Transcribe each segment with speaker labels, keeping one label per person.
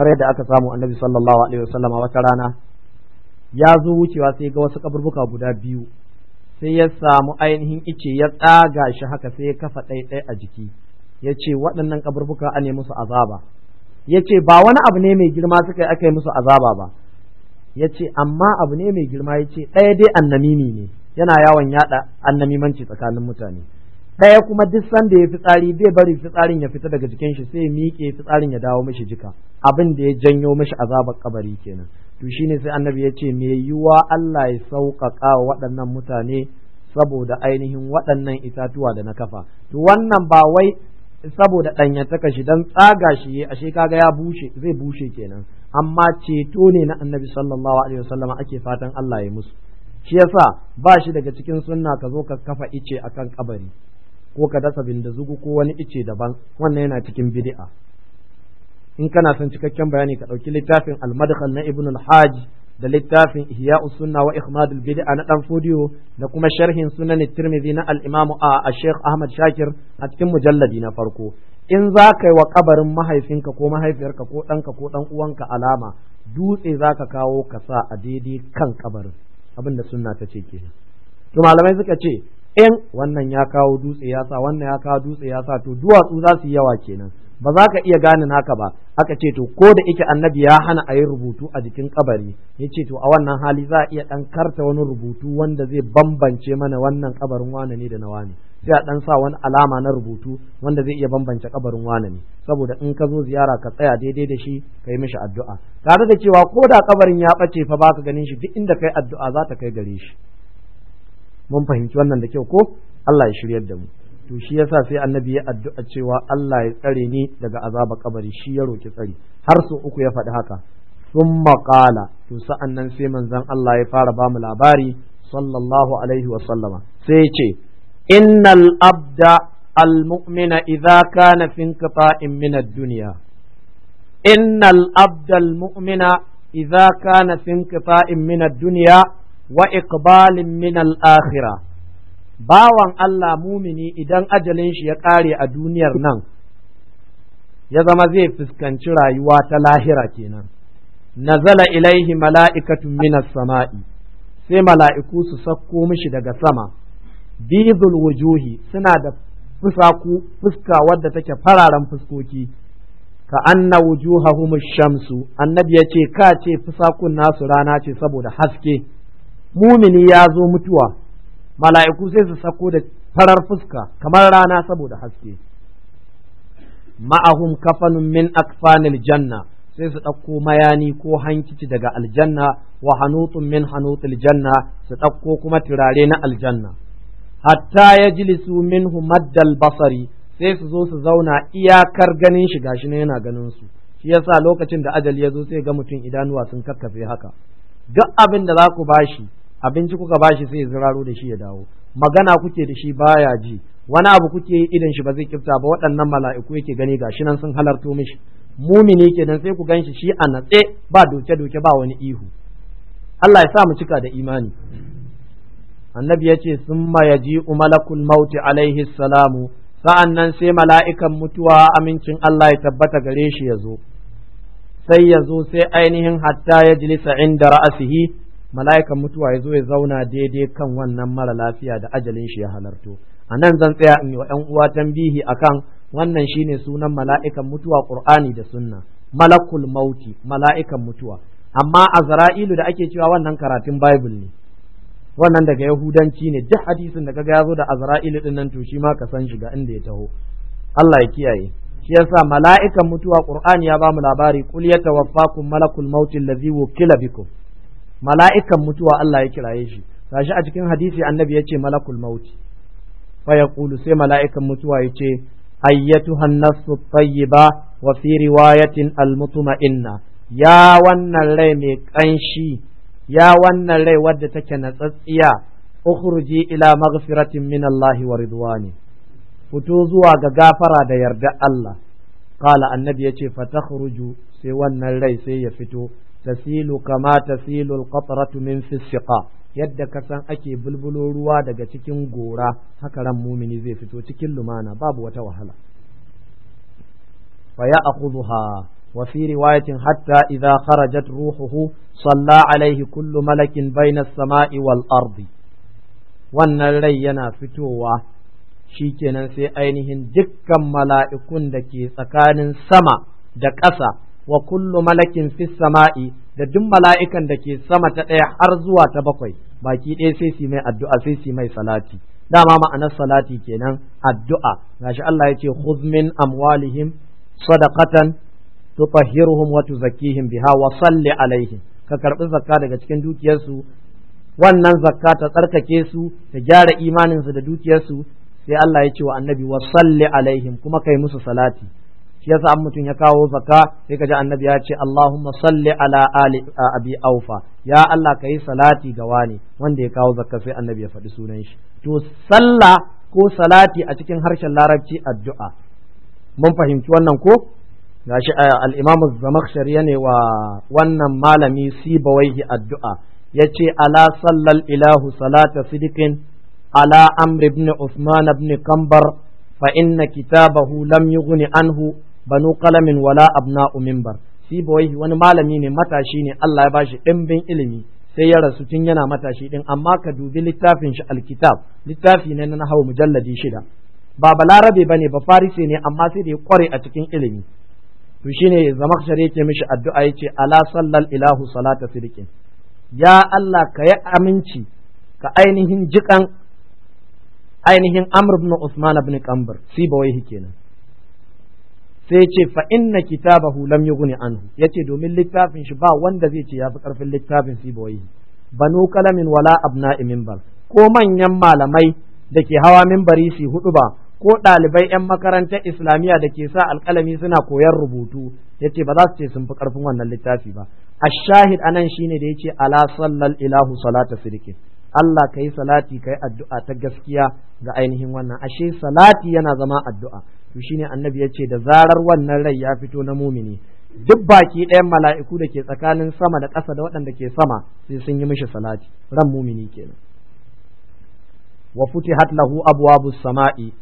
Speaker 1: kamar yadda aka samu annabi sallallahu alaihi wasallam wata rana ya zo wucewa sai ga wasu kaburbuka guda biyu sai ya samu ainihin ice ya tsaga shi haka sai ya kafa ɗaiɗai a jiki ya ce waɗannan kaburbuka a ne musu azaba ya ce ba wani abu ne mai girma suka yi aka yi musu azaba ba ya ce amma abu ne mai girma ya ce ɗaya dai annamimi ne yana yawon yaɗa annamimanci tsakanin mutane ɗaya kuma duk sanda ya fitsari bai bari fitsarin ya fita daga jikin shi sai miƙe fitsarin ya dawo mishi jika abin da ya janyo mishi azabar kabari kenan to shine sai annabi ya ce me yiwa Allah ya sauƙaƙa wa waɗannan mutane saboda ainihin waɗannan itatuwa da na kafa to wannan ba wai saboda ɗanyantaka shi dan tsaga shi ashe kaga ya bushe zai bushe kenan amma ceto ne na annabi sallallahu alaihi wasallam ake fatan Allah ya musu shi yasa ba shi daga cikin sunna ka zo ka kafa ice akan kabari ko ka dasa bindazugu ko wani ice daban wannan yana cikin bid'a in kana son cikakken bayani ka ɗauki littafin al na ibn al-hajj da littafin ihya sunna wa ihmadul bid'a na dan fodiyo da kuma sharhin sunan tirmidhi na al-imam a sheikh ahmad shakir a cikin mujalladi na farko in za ka yi wa kabarin mahaifinka ko mahaifiyarka ko ɗanka ko ɗan uwanka alama dutse za ka kawo ka sa a daidai kan kabarin abin da sunna ta ce kenan to malamai suka ce in wannan ya kawo dutse ya sa wannan ya kawo dutse ya sa to duwatsu za su yi yawa kenan ba za ka iya ganin haka ba aka ce to ko da ike annabi ya hana a yi rubutu a jikin kabari ya ce to a wannan hali za a iya dan karta wani rubutu wanda zai bambance mana wannan kabarin wane ne da na wane sai a ɗan sa wani alama na rubutu wanda zai iya bambance kabarin wane ne saboda in ka zo ziyara ka tsaya daidai da shi ka yi mishi addu'a tare da cewa ko da kabarin ya bace fa baka ganin shi duk inda kai addu'a za ta kai gare shi mun fahimci wannan da kyau ko Allah ya shiryar da mu to shi yasa sai annabi ya addu'a cewa Allah ya tsare ni daga azaba kabari shi ya roki tsari har sau uku ya faɗi haka sun maƙala to sa'an nan sai manzon Allah ya fara ba mu labari sallallahu alaihi wa sallama sai ce innal abda al-mu'mina idza kana fi inqita'in min innal abda al-mu'mina idza kana fi wa iqbalin min al bawan Allah mumini idan ajalin shi ya ƙare a duniyar nan ya zama zai fuskanci rayuwa ta lahira kenan nazala ilaihi mala'ikatun minas sama'i sai mala'iku su sakko mishi daga sama bidul wujuhi suna da fusaku fuska wadda take fararen fuskoki ka anna wujuhahum shamsu annabi yace ce ka ce fusakun nasu rana ce saboda haske mumini ya zo mutuwa mala'iku sai su sako da farar fuska kamar rana saboda haske ma'ahum kafanun min akfanil janna sai su ɗauko mayani ko hankici daga aljanna wa hanutun min hanutul janna su ɗauko kuma turare na aljanna hatta ya jilisu min maddal basari sai su zo su zauna iyakar ganin shi gashi na yana ganin su shi yasa lokacin da ajali ya zo sai ga mutum idanuwa sun kakkafe haka duk abin da za ku bashi abinci kuka bashi sai ya ziraro da shi ya dawo magana kuke da shi baya ji wani abu kuke yi idan shi ba zai kifta ba waɗannan mala'iku yake gani gashi nan sun halarto mishi mumini kenan sai ku ganshi shi a natse ba doke doke ba wani ihu Allah ya sa mu cika da imani annabi ya ce summa ji umalakun mauti alaihi salamu sa'an nan sai mala'ikan mutuwa amincin Allah ya tabbata gare shi ya zo sai ya zo sai ainihin hatta ya jilisa inda ra'asihi mala'ikan mutuwa ya zo ya zauna daidai kan wannan mara lafiya da ajalin shi ya halarto a nan zan tsaya in yi wa ‘yan uwa tambihi akan wannan shine sunan mala'ikan mutuwa ƙur'ani da sunna malakul mauti mala'ikan mutuwa amma azra'ilu da ake cewa wannan karatun bible ne wannan daga yahudanci ne duk hadisin da kaga ya zo da azra'ilu din nan to shi ma ka san shiga inda ya taho Allah ya kiyaye shi yasa mala'ikan mutuwa qur'ani ya bamu labari qul yatawaffakum malakul mauti allazi wukila bikum mala'ikan mutuwa Allah ya kiraye shi tashi a cikin hadisi annabi ya ce malakul mauti fa Kulu sai mala'ikan mutuwa ya ce ayyatu an-nafsu tayyiba wa fi riwayatin al ya wannan rai mai ƙanshi, ya wannan rai wadda take natsatsiya ukhruji ila maghfiratin min Allah wa ridwani fito zuwa ga gafara da yarda Allah qala annabi yace fatakhruju sai wannan rai sai ya fito tasilu kama tasilu alqatratu min fi yadda ka san ake bulbulo ruwa daga cikin gora haka ran mumini zai fito cikin lumana babu wata wahala fa ya'khudha wa fi riwayatin hatta idza kharajat ruhuhu salla alaihi kullu malakin bayna as-sama'i wal ardi wannan rai yana fitowa shikenan sai ainihin dukkan mala'ikun da ke tsakanin sama da ƙasa wa kullu malakin fis sama'i da duk mala'ikan da ke sama ta ɗaya har zuwa ta bakwai baki ɗaya sai su mai addu'a sai su mai salati dama ma'anar salati kenan addu'a gashi Allah ya ce khudh min amwalihim sadaqatan tutahhiruhum wa tuzakkihim biha wa salli alaihim ka karbi zakka daga cikin dukiyarsu wannan zakka ta tsarkake su ta gyara imaninsu da dukiyarsu sai Allah ya ce wa annabi wa salli alaihim kuma kai musu salati shi yasa an mutum ya kawo zaka sai ka ji annabi ya ce Allahumma salli ala ali abi aufa ya Allah ka yi salati ga wani wanda ya kawo zakka sai annabi ya faɗi sunan shi to sallah ko salati a cikin harshen larabci addu'a mun fahimci wannan ko gashi al-Imam az-Zamakhshari ne wa wannan malami Sibawaihi addu'a yace ala sallal ilahu salata sidiqin ala amr ibn Usman, ibn Kambar fa inna kitabahu lam yughni anhu banu qalamin wala abna'u minbar shi boy wani malami ne matashi ne Allah ya bashi dimbin ilimi sai ya rasu tun yana matashi din amma ka dubi littafin shi alkitab littafi ne na nahawu mujalladi shida ba balarabe bane ba farisi ne amma sai da ya kware a cikin ilimi to shine zamakshari yake mishi addu'a yace ala sallal ilahu salata sidqin ya Allah ka yi aminci ka ainihin jikan ainihin Amr ibn Usman ibn Qambir sibawaihi kenan sai ce fa inna kitabahu lam yughni anhu yace domin littafin shi ba wanda zai ce yafi karfin littafin sibawai banu kalamin wala abna'i minbar ko manyan malamai da ke hawa minbari su hudu ba ko ɗalibai 'yan makarantar islamiyya da ke sa alƙalami suna koyar rubutu ya ce ba za su ce sun fi ƙarfin wannan littafi ba a shahid anan shine da ya ce ala sallal ilahu salata sirki Allah ka yi salati ka yi addu'a ta gaskiya ga ainihin wannan ashe salati yana zama addu'a to shine annabi ya ce da zarar wannan rai ya fito na mumini duk baki ɗayan mala'iku da ke tsakanin sama da ƙasa da waɗanda ke sama sai sun yi mishi salati ran mumini kenan wa futihat lahu abwabus sama'i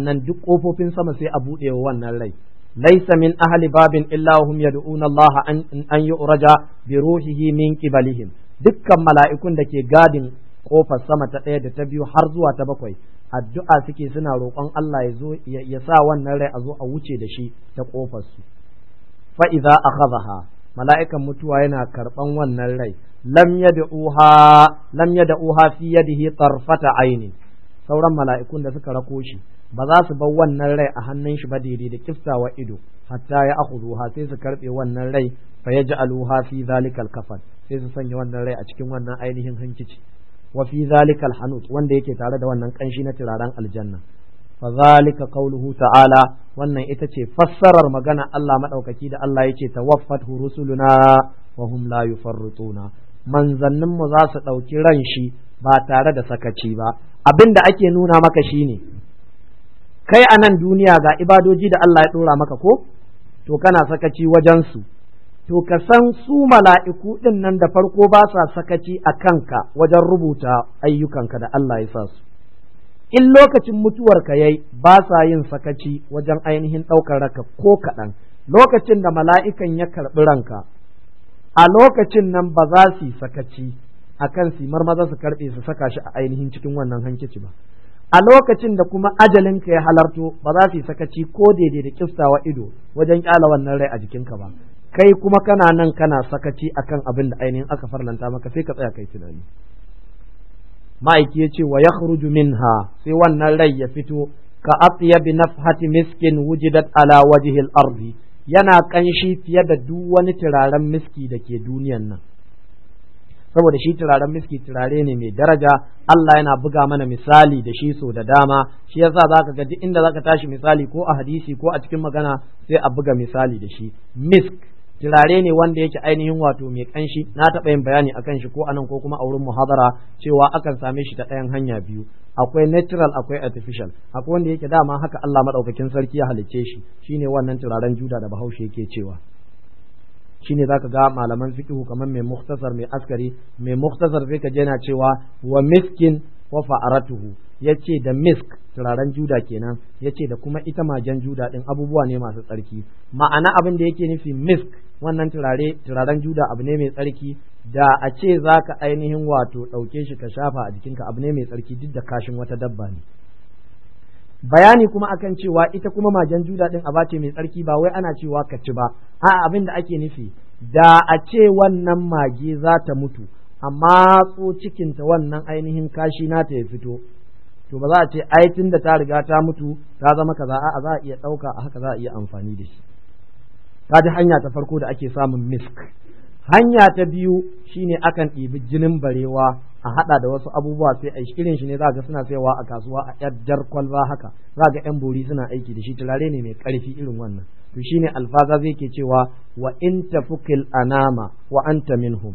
Speaker 1: nan duk ƙofofin sama sai a buɗe wa wannan rai laysa min ahli babin illa hum yad'una Allah an an yu'raja bi ruhihi min qibalihim dukkan mala'ikun da ke gadin kofar sama ta ɗaya da ta biyu har zuwa ta bakwai addu'a suke suna roƙon Allah ya zo ya sa wannan rai a zo a wuce da shi ta kofar su fa idza akhadha mala'ikan mutuwa yana karban wannan rai lam yad'uha lam yad'uha fi yadihi tarfata aini sauran mala'ikun da suka rako shi ba za su bar wannan rai a hannun shi ba daidai da kiftawa ido hatta ya akhudhuha sai su karbe wannan rai fa yaj'aluha fi zalikal kafan sai su sanya wannan rai a cikin wannan ainihin hankici wa fi zalika alhanut wanda yake tare da wannan kanshi na turaren aljanna fa zalika qawluhu ta'ala wannan ita ce fassarar magana Allah madaukaki da Allah yake tawaffat rusuluna wa hum la yufarrituna manzannin mu za su dauki ran shi ba tare da sakaci ba abinda ake nuna maka shine kai a nan duniya ga ibadoji da Allah ya dora maka ko to kana sakaci wajen su to ka san su mala'iku ɗin nan da farko ba sa sakaci a kanka wajen rubuta ayyukanka da Allah ya sa su. In lokacin mutuwarka yayi ba sa yin sakaci wajen ainihin ɗaukar raka ko kaɗan, lokacin da mala'ikan ya karɓi ranka, a lokacin nan ba za su yi sakaci a kan simar maza su karɓe su saka shi a ainihin cikin wannan hankici ba. a lokacin da kuma ajalinka ya halarto ba za su yi sakaci ko daidai da kistawa ido wajen ƙyala wannan rai a jikinka ba kai kuma kana nan kana sakaci akan abin da ainihin aka farlanta maka sai ka tsaya kai tunani ma'aiki ya ce wa ya minha sai wannan rai ya fito ka bi nafhati miskin wujidat ala wajhil ardi yana kanshi fiye da duk wani turaren miski da ke duniyan nan saboda shi turaren miski turare ne mai daraja Allah yana buga mana misali da shi so da dama shi yasa zaka ga duk inda zaka tashi misali ko a hadisi ko a cikin magana sai a buga misali da shi misk turare ne wanda yake ainihin wato mai kanshi na taɓa yin bayani a kanshi ko anan ko kuma a wurin muhadara cewa akan same shi ta ɗayan hanya biyu akwai natural akwai artificial akwai wanda yake dama haka Allah madaukakin sarki ya halicce shi shine wannan turaren juda da Bahaushe yake cewa shine zaka ga malaman fiqhu kamar mai muktasar mai askari mai muktasar zai ka je na cewa wa miskin wa fa'aratuhu ya ce da misk turaren juda kenan ya ce da kuma ita majan juda ɗin abubuwa ne masu tsarki ma'ana abin da yake nufi misk wannan turare turaren juda abu ne mai tsarki da a ce za ka ainihin wato ɗauke shi ka shafa a jikinka abu ne mai tsarki duk da kashin wata dabba ne bayani kuma akan cewa ita kuma majan juda ɗin aba ce mai tsarki ba wai ana cewa ka ci ba a abin da ake nufi da a ce wannan mage za ta mutu amma tso cikinta wannan ainihin kashi nata ya fito to ba za a ce ai tun da ta riga ta mutu ta zama kaza a za a iya ɗauka a haka za a iya amfani da shi Ta ji hanya ta farko da ake samun misk hanya ta biyu shine akan ɗibi jinin barewa a haɗa da wasu abubuwa sai a irin shi ne za ga suna sayawa a kasuwa a jar kwalba haka za ga yan bori suna aiki da shi turare ne mai ƙarfi irin wannan to shine alfaza zai ke cewa wa in tafukil anama wa anta minhum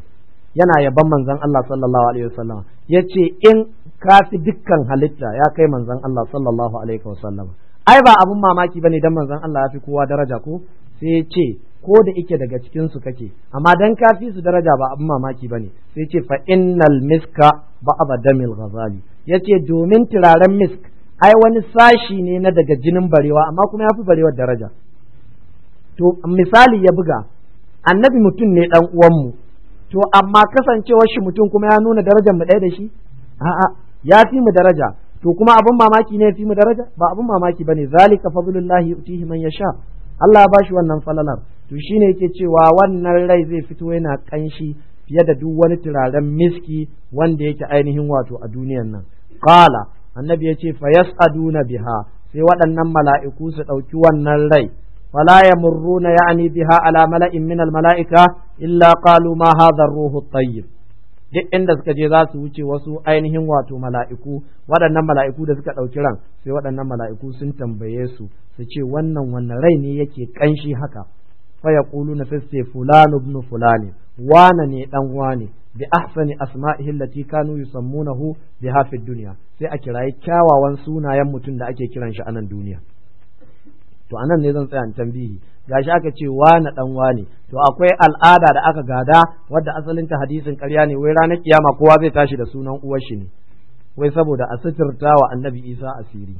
Speaker 1: yana yaban manzon Allah sallallahu alaihi wasallam yace in ka fi dukkan halitta ya kai manzon Allah sallallahu alaihi wasallam ai ba abun mamaki bane dan manzon Allah ya fi kowa daraja ko sai ya ce ko da ike daga cikin su kake amma dan ka fi su daraja ba abun mamaki bane sai ce fa innal miska ba'aba damil ghazali yace domin turaren misk ai wani sashi ne na daga jinin barewa amma kuma ya fi barewar daraja to misali ya buga annabi mutum ne dan uwanmu to amma kasancewar shi mutum kuma ya nuna darajar mu ɗaya da shi a'a ya fi mu daraja to kuma abin mamaki ne ya fi mu daraja ba abin mamaki bane zalika fadlullahi yu'tihi man yasha Allah ba shi wannan falalar to shine yake cewa wannan rai zai fito yana kanshi fiye da duk wani turaren miski wanda yake ainihin wato a duniyan nan qala annabi yace fa duna biha sai waɗannan mala'iku su ɗauki wannan rai fala yamurruna ya'ni biha ala mala'in min al mala'ika illa qalu ma hadha ruhu tayyib duk inda suka je za su wuce wasu ainihin wato mala'iku waɗannan mala'iku da suka ɗauki ran sai waɗannan mala'iku sun tambaye su su ce wannan wannan rai ne yake ƙanshi haka fa yaqulu na su fulan ibn fulani wana ne dan wane bi ahsani asma'ihi allati kanu yusammunahu biha fi dunya sai a kirayi kyawawan sunayen mutum da ake kiran shi anan duniya to anan ne zan tsaya in tambihi gashi aka ce wa na dan wane to akwai al'ada da aka gada wadda asalinta hadisin ƙarya ne wai ranar kiyama kowa zai tashi da sunan uwar shi ne wai saboda a suturta wa annabi isa asiri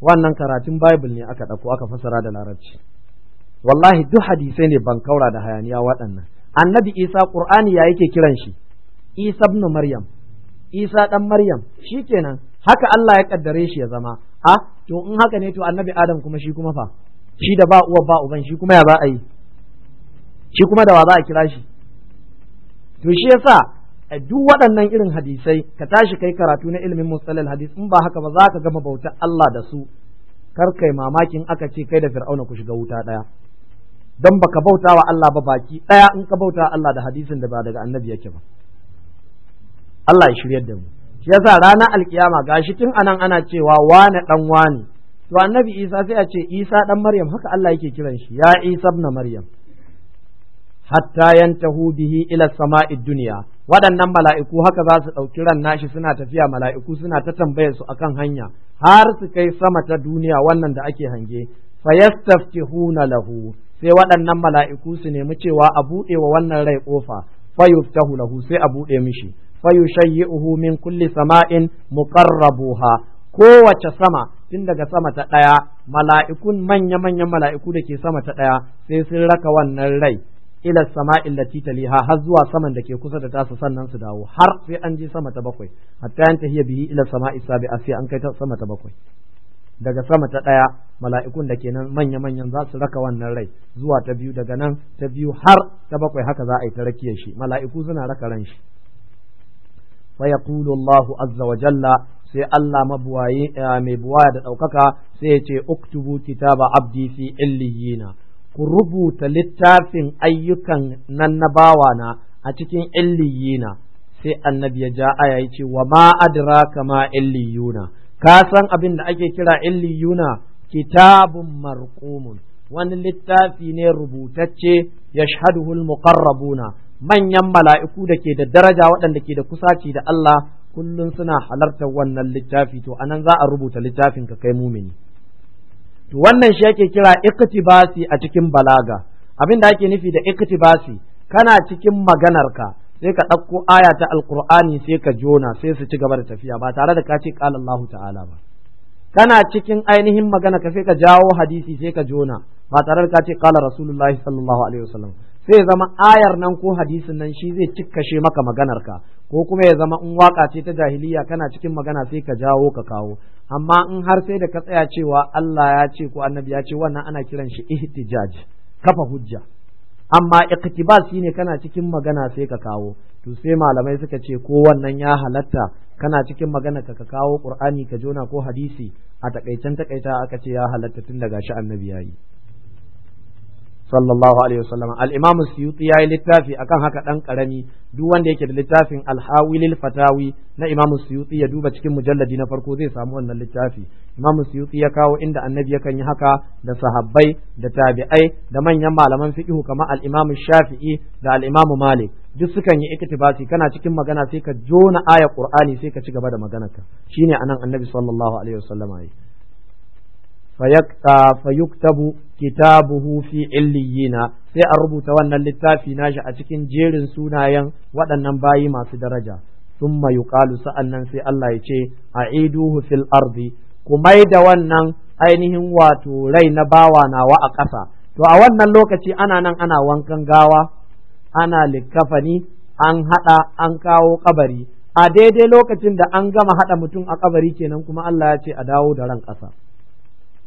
Speaker 1: wannan karatun bible ne aka ɗauko aka fassara da larabci wallahi duk hadisai ne ban kaura da hayaniya waɗannan annabi isa qur'ani ya yake kiran shi isa ibn maryam isa dan maryam shikenan haka Allah ya kaddare shi ya zama a ah, to in haka ne to annabi adam kuma shi kuma fa shi da ba uwa ba uban shi kuma ya za a yi shi kuma da wa za a kira shi to shi yasa a duk waɗannan irin hadisai ka tashi kai karatu na ilimin mustalal hadis in ba haka ba za ka gama bautar Allah da su kar kai mamakin aka ce kai da fir'auna ku shiga wuta ɗaya don baka bauta wa Allah ba baki ɗaya in ka bauta Allah da hadisin da ba daga annabi yake ba Allah ya shiryar da mu shi yasa ranar alkiyama gashi tun anan ana cewa wane dan wane to annabi isa sai a ce isa dan maryam haka Allah yake kiran shi ya isa ibn maryam hatta yantahu bihi ila sama'i dunya waɗannan mala'iku haka za su ɗauki ran nashi suna tafiya mala'iku suna ta tambayar su akan hanya har su kai sama ta duniya wannan da ake hange fayastaftihuna lahu sai waɗannan mala'iku su nemi cewa a buɗe wa wannan rai ƙofa fayuftahu lahu sai a buɗe mishi fayushayyi'uhu min kulli sama'in muqarrabuha kowace sama tun daga sama ta ɗaya mala'ikun manya-manyan mala'iku da ke sama ta ɗaya sai sun raka wannan rai ila sama illati taliha har zuwa saman da ke kusa da tasa sannan su dawo har sai an je sama ta bakwai hatta yanta hiya bihi ila sama isa bi sai an kai ta sama ta bakwai daga sama ta ɗaya mala'ikun da kenan manya-manyan za su raka wannan rai zuwa ta biyu daga nan ta biyu har ta bakwai haka za a yi ta rakiyar shi mala'iku suna raka ran shi Fa فيقول Azza wa Jalla. sai Allah mabuwaye eh, mai buwaya da ɗaukaka sai ya ce uktubu kitaba abdi fi illiyina ku rubuta littafin ayyukan nan na bawana a cikin illiyina sai annabi ya ja aya ya ce wa ma adraka ma illiyuna ka san abin da ake kira illiyuna kitabun marqumun wani littafi ne rubutacce yashhaduhu muqarrabuna manyan mala'iku da ke da daraja waɗanda ke da kusaci da Allah kullum suna halartar wannan littafi to anan za a rubuta littafin ka kai mumini to wannan shi ake kira iktibasi a cikin balaga abin da ake nufi da iktibasi kana cikin maganarka sai ka ɗauko aya ta alkur'ani sai ka jona sai su ci gaba da tafiya ba tare da ka ce qala Allahu ta'ala ba kana cikin ainihin magana ka sai ka jawo hadisi sai ka jona ba tare da ka ce qala rasulullahi sallallahu alaihi wasallam sai zama ayar nan ko hadisin nan shi zai cikkashe maka maganarka ko kuma ya zama in waka ce ta jahiliya kana cikin magana sai ka jawo ka kawo amma in har sai da ka tsaya cewa Allah ya ce ko annabi ya ce wannan ana kiran shi ihtijaj kafa hujja amma iqtibas shine kana cikin magana sai ka kawo to sai malamai suka ce ko wannan ya halatta kana cikin magana ka kawo qur'ani ka jona ko hadisi a takaicen takaita aka ce ya halatta tun daga shi annabi yayi sallallahu alaihi wasallam al-imam suyuti yayi littafi akan haka dan karami duk wanda yake da littafin al-hawilil fatawi na imam suyuti ya duba cikin mujalladi na farko zai samu wannan littafi imam suyuti ya kawo inda annabi yakan yi haka da sahabbai da tabi'ai da manyan malaman fiqh kamar al-imam shafi'i da al-imam malik duk sukan yi iktibasi kana cikin magana sai ka jona aya qur'ani sai ka ci gaba da maganarka shine anan annabi sallallahu alaihi wasallam yayi fayuktabu kitabuhu fi illiyina sai a rubuta wannan littafi nashi a cikin jerin sunayen waɗannan bayi masu daraja summa yuqalu sa'annan sai Allah ya ce a'iduhu fil ardi kumai da wannan ainihin wato rai na bawa nawa a ƙasa to a wannan lokaci ana nan ana wankan gawa ana likkafani an haɗa an kawo kabari a daidai lokacin da an gama haɗa mutum a kabari kenan kuma Allah ya ce a dawo da ran ƙasa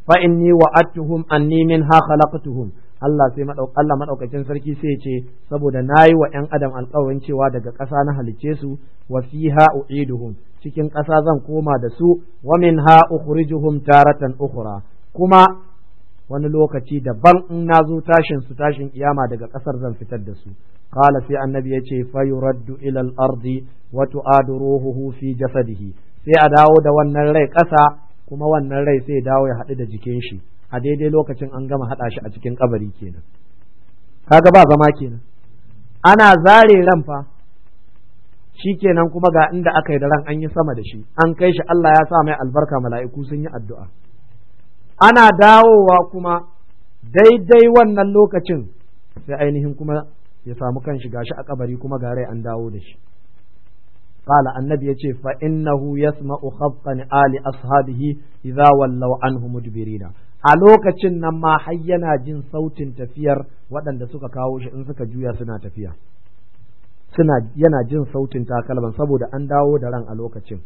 Speaker 1: fa inni wa'adtuhum anni minha khalaqtuhum Allah sai Allah madaukakin sarki sai ya ce saboda nayi wa ƴan adam alƙawarin cewa daga ƙasa na halicce su wa fiha u'iduhum cikin ƙasa zan koma da su wa minha ukhrijuhum taratan ukhra kuma wani lokaci daban in zo tashin su tashin kiyama daga ƙasar zan fitar da su qala sai annabi ya ce fa yuraddu ila al-ardi wa tu'adu ruhuhu fi jasadihi sai a dawo da wannan rai ƙasa kuma wannan rai sai dawo ya haɗu da jikin shi a daidai lokacin an gama haɗa shi a cikin kabari kenan kaga ba zama kenan ana zare ran fa shi kenan kuma ga inda aka yi da ran an yi sama da shi an kai shi Allah ya sa mai albarka mala'iku sun yi addu'a ana dawowa kuma daidai wannan lokacin sai ainihin kuma ya samu kan shi gashi a kabari kuma ga rai an dawo da shi qala annabi yace fa innahu yasma'u khaffan ali ashabihi idza wallaw anhu mudbirina a lokacin nan ma har yana jin sautin tafiyar waɗanda suka kawo shi in suka juya suna tafiya yana jin sautin takalman saboda an dawo da ran a lokacin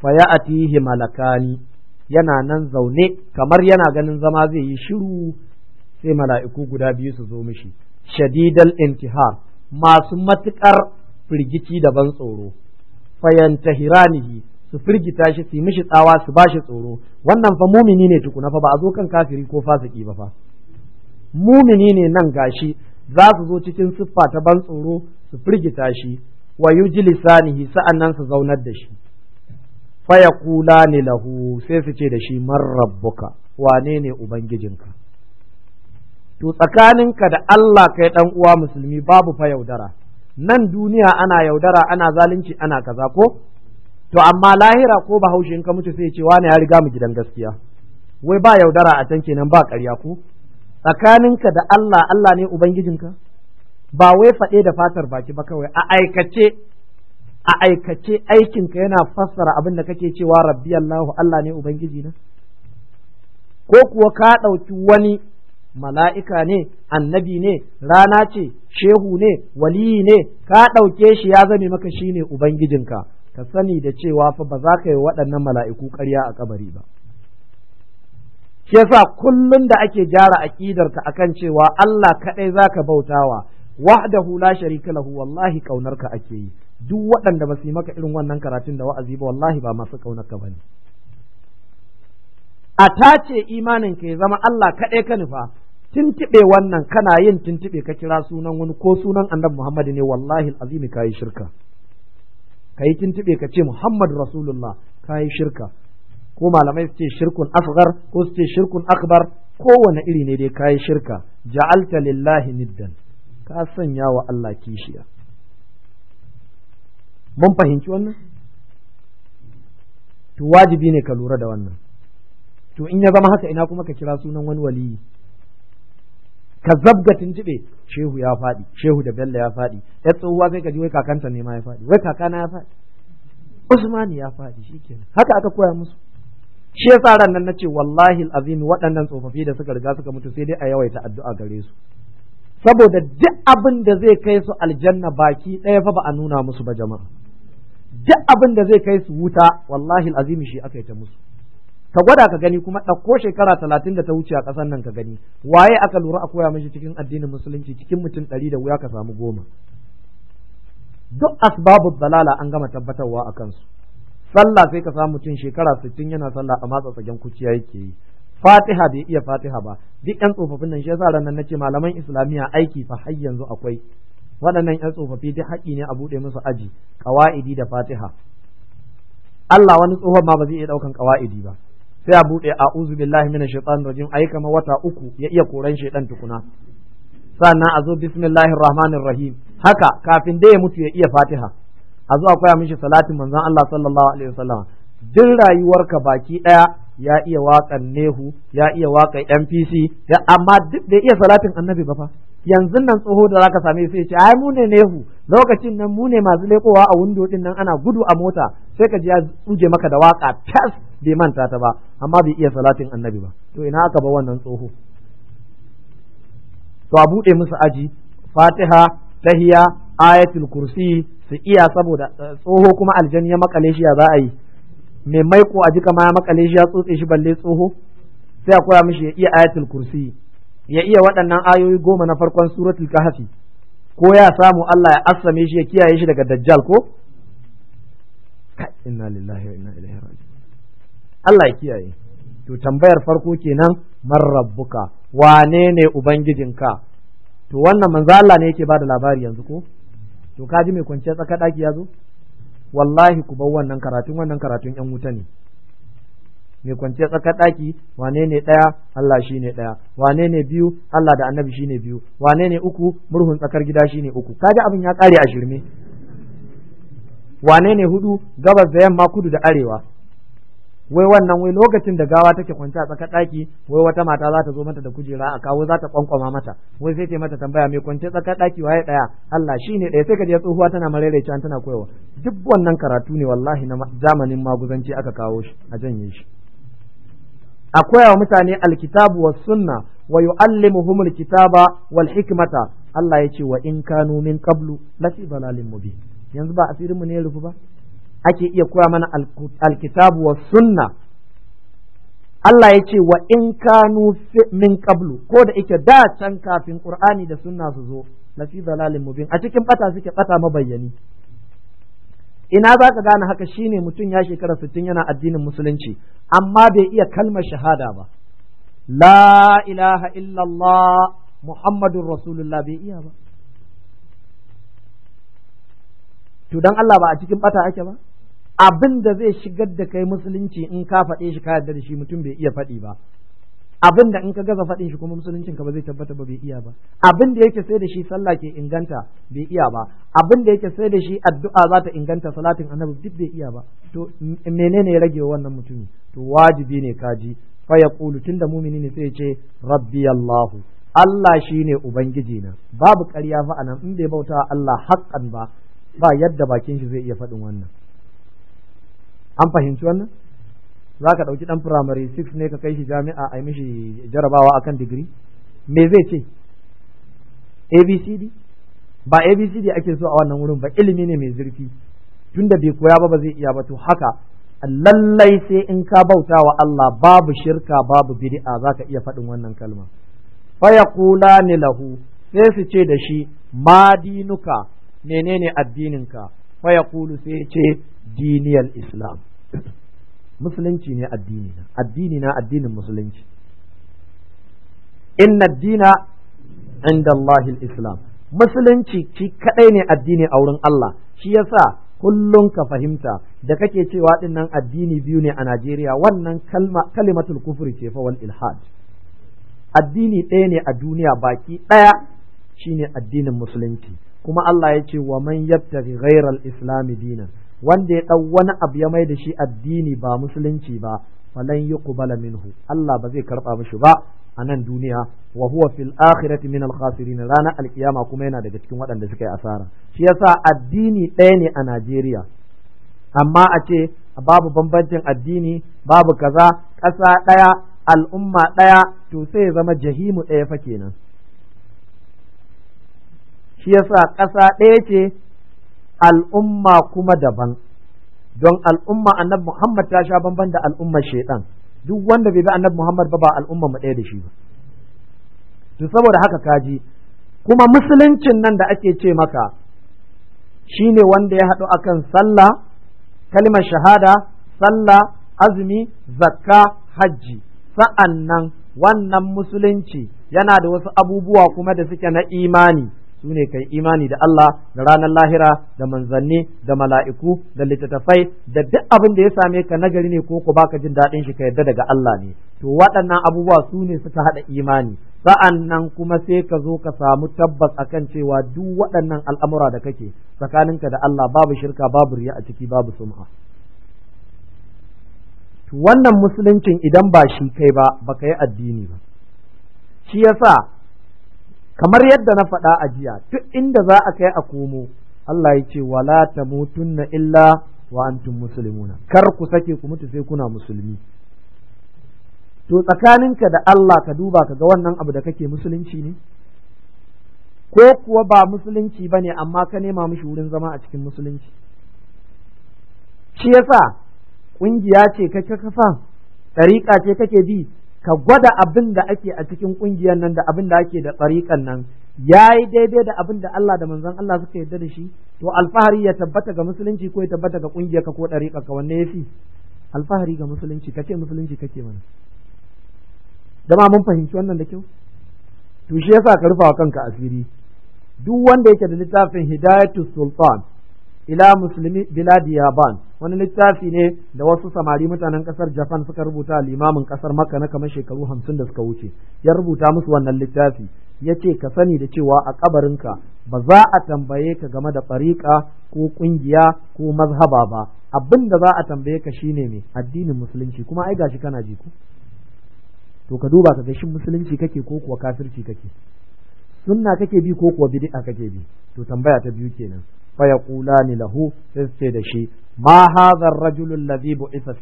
Speaker 1: fa ya'tihi malakani yana nan zaune kamar yana ganin zama zai yi shiru sai mala'iku guda biyu su zo mishi shadidal intihar masu matuƙar firgici da ban tsoro fayantahiranihi su firgita shi su yi mishi tsawa su bashi tsoro wannan fa mumini ne tukuna fa ba a zo kan kafiri ko fasiki ba fa mumini ne nan gashi za su zo cikin siffa ta ban tsoro su firgita shi wa yujlisanihi sa'annan su zaunar da shi fa yaqulani lahu sai su ce da shi man rabbuka wane ne ubangijinka to tsakaninka da Allah kai dan uwa musulmi babu fa yaudara nan duniya ana yaudara ana zalunci ana kaza ko to amma lahira ko bahaushe in ka mutu sai cewa wani ya riga mu gidan gaskiya wai ba yaudara a can kenan ba ƙarya ko tsakaninka da Allah Allah ne ubangijinka ba wai faɗe da fatar baki ba kawai a aikace a aikace aikinka yana fassara abin da kake cewa rabbi Allah Allah ne ubangiji na ko kuwa ka ɗauki wani mala'ika ne annabi ne rana ce shehu ne waliyi ne ka ɗauke shi ya zame maka shi ne ubangijinka ka sani da cewa fa ba za ka yi waɗannan mala'iku ƙarya a kabari ba shi yasa kullum da ake gyara a kan cewa Allah kaɗai za ka bautawa wahdahu la sharika lahu wallahi ƙaunarka ake yi duk waɗanda ba su yi maka irin wannan karatun da wa'azi ba wallahi ba masu ƙaunarka ba ne. a tace imanin ka ya zama Allah kaɗai ka nufa tuntuɓe wannan kana yin tuntuɓe ka kira sunan wani ko sunan annabi Muhammad ne wallahi azimi ka yi shirka ka yi tuntuɓe ka ce Muhammad Rasulullah ka yi shirka ko malamai su ce shirkun asghar ko su ce shirkun akbar kowane iri ne dai ka yi shirka ja'alta lillahi niddan ka sanya wa Allah kishiya mun fahimci wannan to wajibi ne ka lura da wannan to in ya zama haka ina kuma ka kira sunan wani waliyi ka zabga tuntube shehu ya faɗi shehu da bello ya faɗi ya tsohuwa sai ka ji wai kakanta ne ma ya faɗi wai kakana ya faɗi usmani ya faɗi shikenan haka aka koya musu shi yasa ran nan nace wallahi al'azimi, waɗannan tsofaffi da suka riga suka mutu sai dai a yawaita addu'a gare su saboda duk abin da zai kai su aljanna baki ɗaya fa ba a nuna musu ba jama'a duk abin da zai kai su wuta wallahi al'azimi shi aka yi ta musu ka gwada ka gani kuma ɗauko shekara talatin da ta wuce a ƙasar nan ka gani waye aka lura a koya mashi cikin addinin musulunci cikin mutum ɗari da wuya ka samu goma duk asbabu dalala an gama tabbatarwa a kansu sallah sai ka samu mutum shekara sittin yana sallah a matsa tsagen kuciya yake yi fatiha bai iya fatiha ba duk yan tsofaffin nan shi yasa ranar na nace malaman islamiyya aiki fa har yanzu akwai waɗannan yan tsofaffi duk haƙi ne a buɗe musu aji ƙawa'idi da fatiha Allah wani tsohon ma ba zai iya ɗaukan ƙawa'idi ba sai a buɗe a uzu billahi mina shaitan rajim a yi kama wata uku ya iya koran shaitan tukuna sannan a zo bismillahir rahmanir rahim haka kafin da ya mutu ya iya fatiha a zo a koya mishi salatin manzon Allah sallallahu alaihi wasallam duk rayuwarka baki ɗaya ya iya wakan nehu ya iya waƙan MPC amma duk da iya salatin annabi ba fa yanzu nan tsoho da zaka same sai ce ai mu ne nehu lokacin nan mu ne masu lekowa a windo din nan ana gudu a mota sai ka je ya tsuje maka da waka test bai manta ta ba amma bai iya salatin annabi ba to ina aka ba wannan tsoho to a bude musu aji fatiha tahiya ayatul kursi su iya saboda eh, tsoho kuma aljan ya makale shi ya za a yi mai maiko a ji kama ya makale shi ya tsotse shi balle tsoho sai a koya mishi ya iya ayatul kursi ya iya waɗannan ayoyi goma na farkon suratul kahfi ko ya samu Allah ya assame shi ya kiyaye shi daga dajjal ko inna lillahi wa inna ilaihi raji'un Allah ya kiyaye to tambayar farko kenan man rabbuka wane ne ubangijinka to wannan manzo Allah ne yake bada labari yanzu ko to ka ji mai kwanciyar tsaka daki yazo wallahi ku bar wannan karatun wannan karatun yan wuta ne mai kwanciyar tsaka daki wane ne daya Allah shine daya wane ne biyu Allah da annabi shine biyu wane ne uku murhun tsakar gida shine uku kaji abin ya kare a shirme wane ne hudu gabas da yamma kudu da arewa wai wannan wai lokacin da gawa take kwance a tsakar daki wai wata mata za ta zo mata da kujera a kawo za ta kwankwama mata wai sai ce mata tambaya mai kwance tsakar daki waye daya Allah ne ɗaya sai ka je tsohuwa tana marerece an tana koyawa duk wannan karatu ne wallahi na zamanin maguzanci aka kawo shi a janye shi a wa mutane alkitabu was sunna wa yu'allimuhum alkitaba wal hikmata Allah ya ce wa in kanu min qablu lafi dalalin mubin yanzu ba asirin mu ne rufu ba ake iya kura mana alkitabu wa sunna Allah ya ce wa in kanu min qablu ko da ike da can kafin Qur'ani da sunna su zo na fi dalalin mubin a cikin bata suke bata mabayyani ina za ka gane haka shine mutum ya shekara sittin yana addinin musulunci amma bai iya kalmar shahada ba la ilaha illallah muhammadur rasulullah bai iya ba to dan Allah ba a cikin bata ake ba abin da zai shigar da kai musulunci in ka faɗe shi ka yarda da shi mutum bai iya faɗi ba abin da in ka gaza faɗin shi kuma musuluncin ka ba zai tabbata ba bai iya ba abin da yake sai da shi sallah ke inganta bai iya ba abin da yake sai da shi addu'a za ta inganta salatin annabi duk bai iya ba to menene ya rage wannan mutumi to wajibi ne kaji fa yaqulu tunda mumini ne sai ya ce rabbi allah shi ne ubangiji na babu ƙarya fa anan in bai bauta Allah haƙƙan ba ba yadda bakin shi zai iya faɗin wannan an fahimci wannan za ka ɗauki ɗan firamare 6 ne ka kai shi jami'a a mishi jarabawa akan digiri me zai ce abcd ba abcd ake so a wannan wurin ba ilimi ne mai zurfi tunda bai koya ba ba zai iya ba to haka lallai sai in ka bauta wa Allah babu shirka babu bid'a za ka iya faɗin wannan kalma fayaqulani lahu sai su ce da shi madinuka. menene addininka fa kulu sai ce diniyal islam musulunci ne addini na addini na addinin musulunci inna dina inda Allahil islam musulunci shi kadai ne addini a wurin Allah shi yasa kullum ka fahimta da kake cewa dinnan addini biyu ne a Najeriya wannan kalma kalimatul ce fa wal ilhad addini ɗaya ne a duniya baki ɗaya shine addinin musulunci kuma Allah ya ce wa man yattaqi ghairal islami dinan wanda ya ɗau wani abu ya mai da shi addini ba musulunci ba falan yuqbala minhu Allah ba zai karɓa mishi ba a nan duniya wa huwa fil akhirati min al khasirin ranar alkiyama kuma yana daga cikin waɗanda suka yi asara shi yasa addini ɗaya ne a Najeriya amma a ce babu bambancin addini babu kaza ƙasa ɗaya al'umma ɗaya to sai ya zama jahimu ɗaya fa kenan shi yasa ƙasa ɗaya ce al'umma kuma daban don al'umma annabi Muhammad ta sha bamban da al'ummar shaidan duk wanda bai bi annabi Muhammad ba ba al'umma mu ɗaya da shi ba to saboda haka kaji kuma musuluncin nan da ake ce maka shine wanda ya haɗu akan sallah kalmar shahada sallah azumi zakka hajji sa'an nan wannan musulunci yana da wasu abubuwa kuma da suke na imani su ne kai imani da Allah da ranar lahira da manzanni da mala'iku da littattafai da duk abin da ya same ka nagari ne ko ku baka jin daɗin shi ka yadda daga Allah ne to waɗannan abubuwa su ne suka haɗa imani sa'an nan kuma sai ka zo ka samu tabbas a kan cewa duk waɗannan al'amura da kake tsakaninka da Allah babu shirka babu riya a ciki babu sum'a wannan musuluncin idan ba shi kai ba baka yi addini ba shi yasa kamar yadda na faɗa a jiya duk inda za a kai a komo Allah ya ce wala ta mutunna illa wa antum muslimuna kar ku sake ku mutu sai kuna musulmi to tsakaninka da Allah ka duba ka ga wannan abu da kake musulunci ne ko kuwa ba musulunci ba ne amma ka nema mishi wurin zama a cikin musulunci shi yasa ƙungiya ce kake kafa ɗariƙa ce kake bi ka gwada abin da ake a cikin ƙungiyar nan da abin da ake da tsarikan nan ya yi daidai da abin da Allah da manzon Allah suka yarda da shi to alfahari ya tabbata ga musulunci ko ya tabbata ga ƙungiyar ka ko ɗariƙar ka wanne ya fi alfahari ga musulunci kace musulunci kake mana dama mun fahimci wannan da kyau to shi yasa ka rufa wa kanka asiri duk wanda yake da littafin hidayatus sultan ila muslimi biladi yaban wani littafi ne da wasu samari mutanen kasar Japan suka rubuta limamin kasar Makka na kamar shekaru hamsin da suka wuce ya rubuta musu wannan littafi ya ce ka sani da cewa a kabarinka ba za a tambaye ka game da tsariƙa ko ƙungiya ko mazhaba ba abin da za a tambaye ka shine ne addinin musulunci kuma ai gashi kana ji ko to ka duba ka ga shin musulunci kake ko kuwa kafirci kake sunna kake bi ko kuwa bid'a kake bi to tambaya ta biyu kenan fa yaqulani lahu sai ce da shi ma hadha ar-rajulu alladhi bu'itha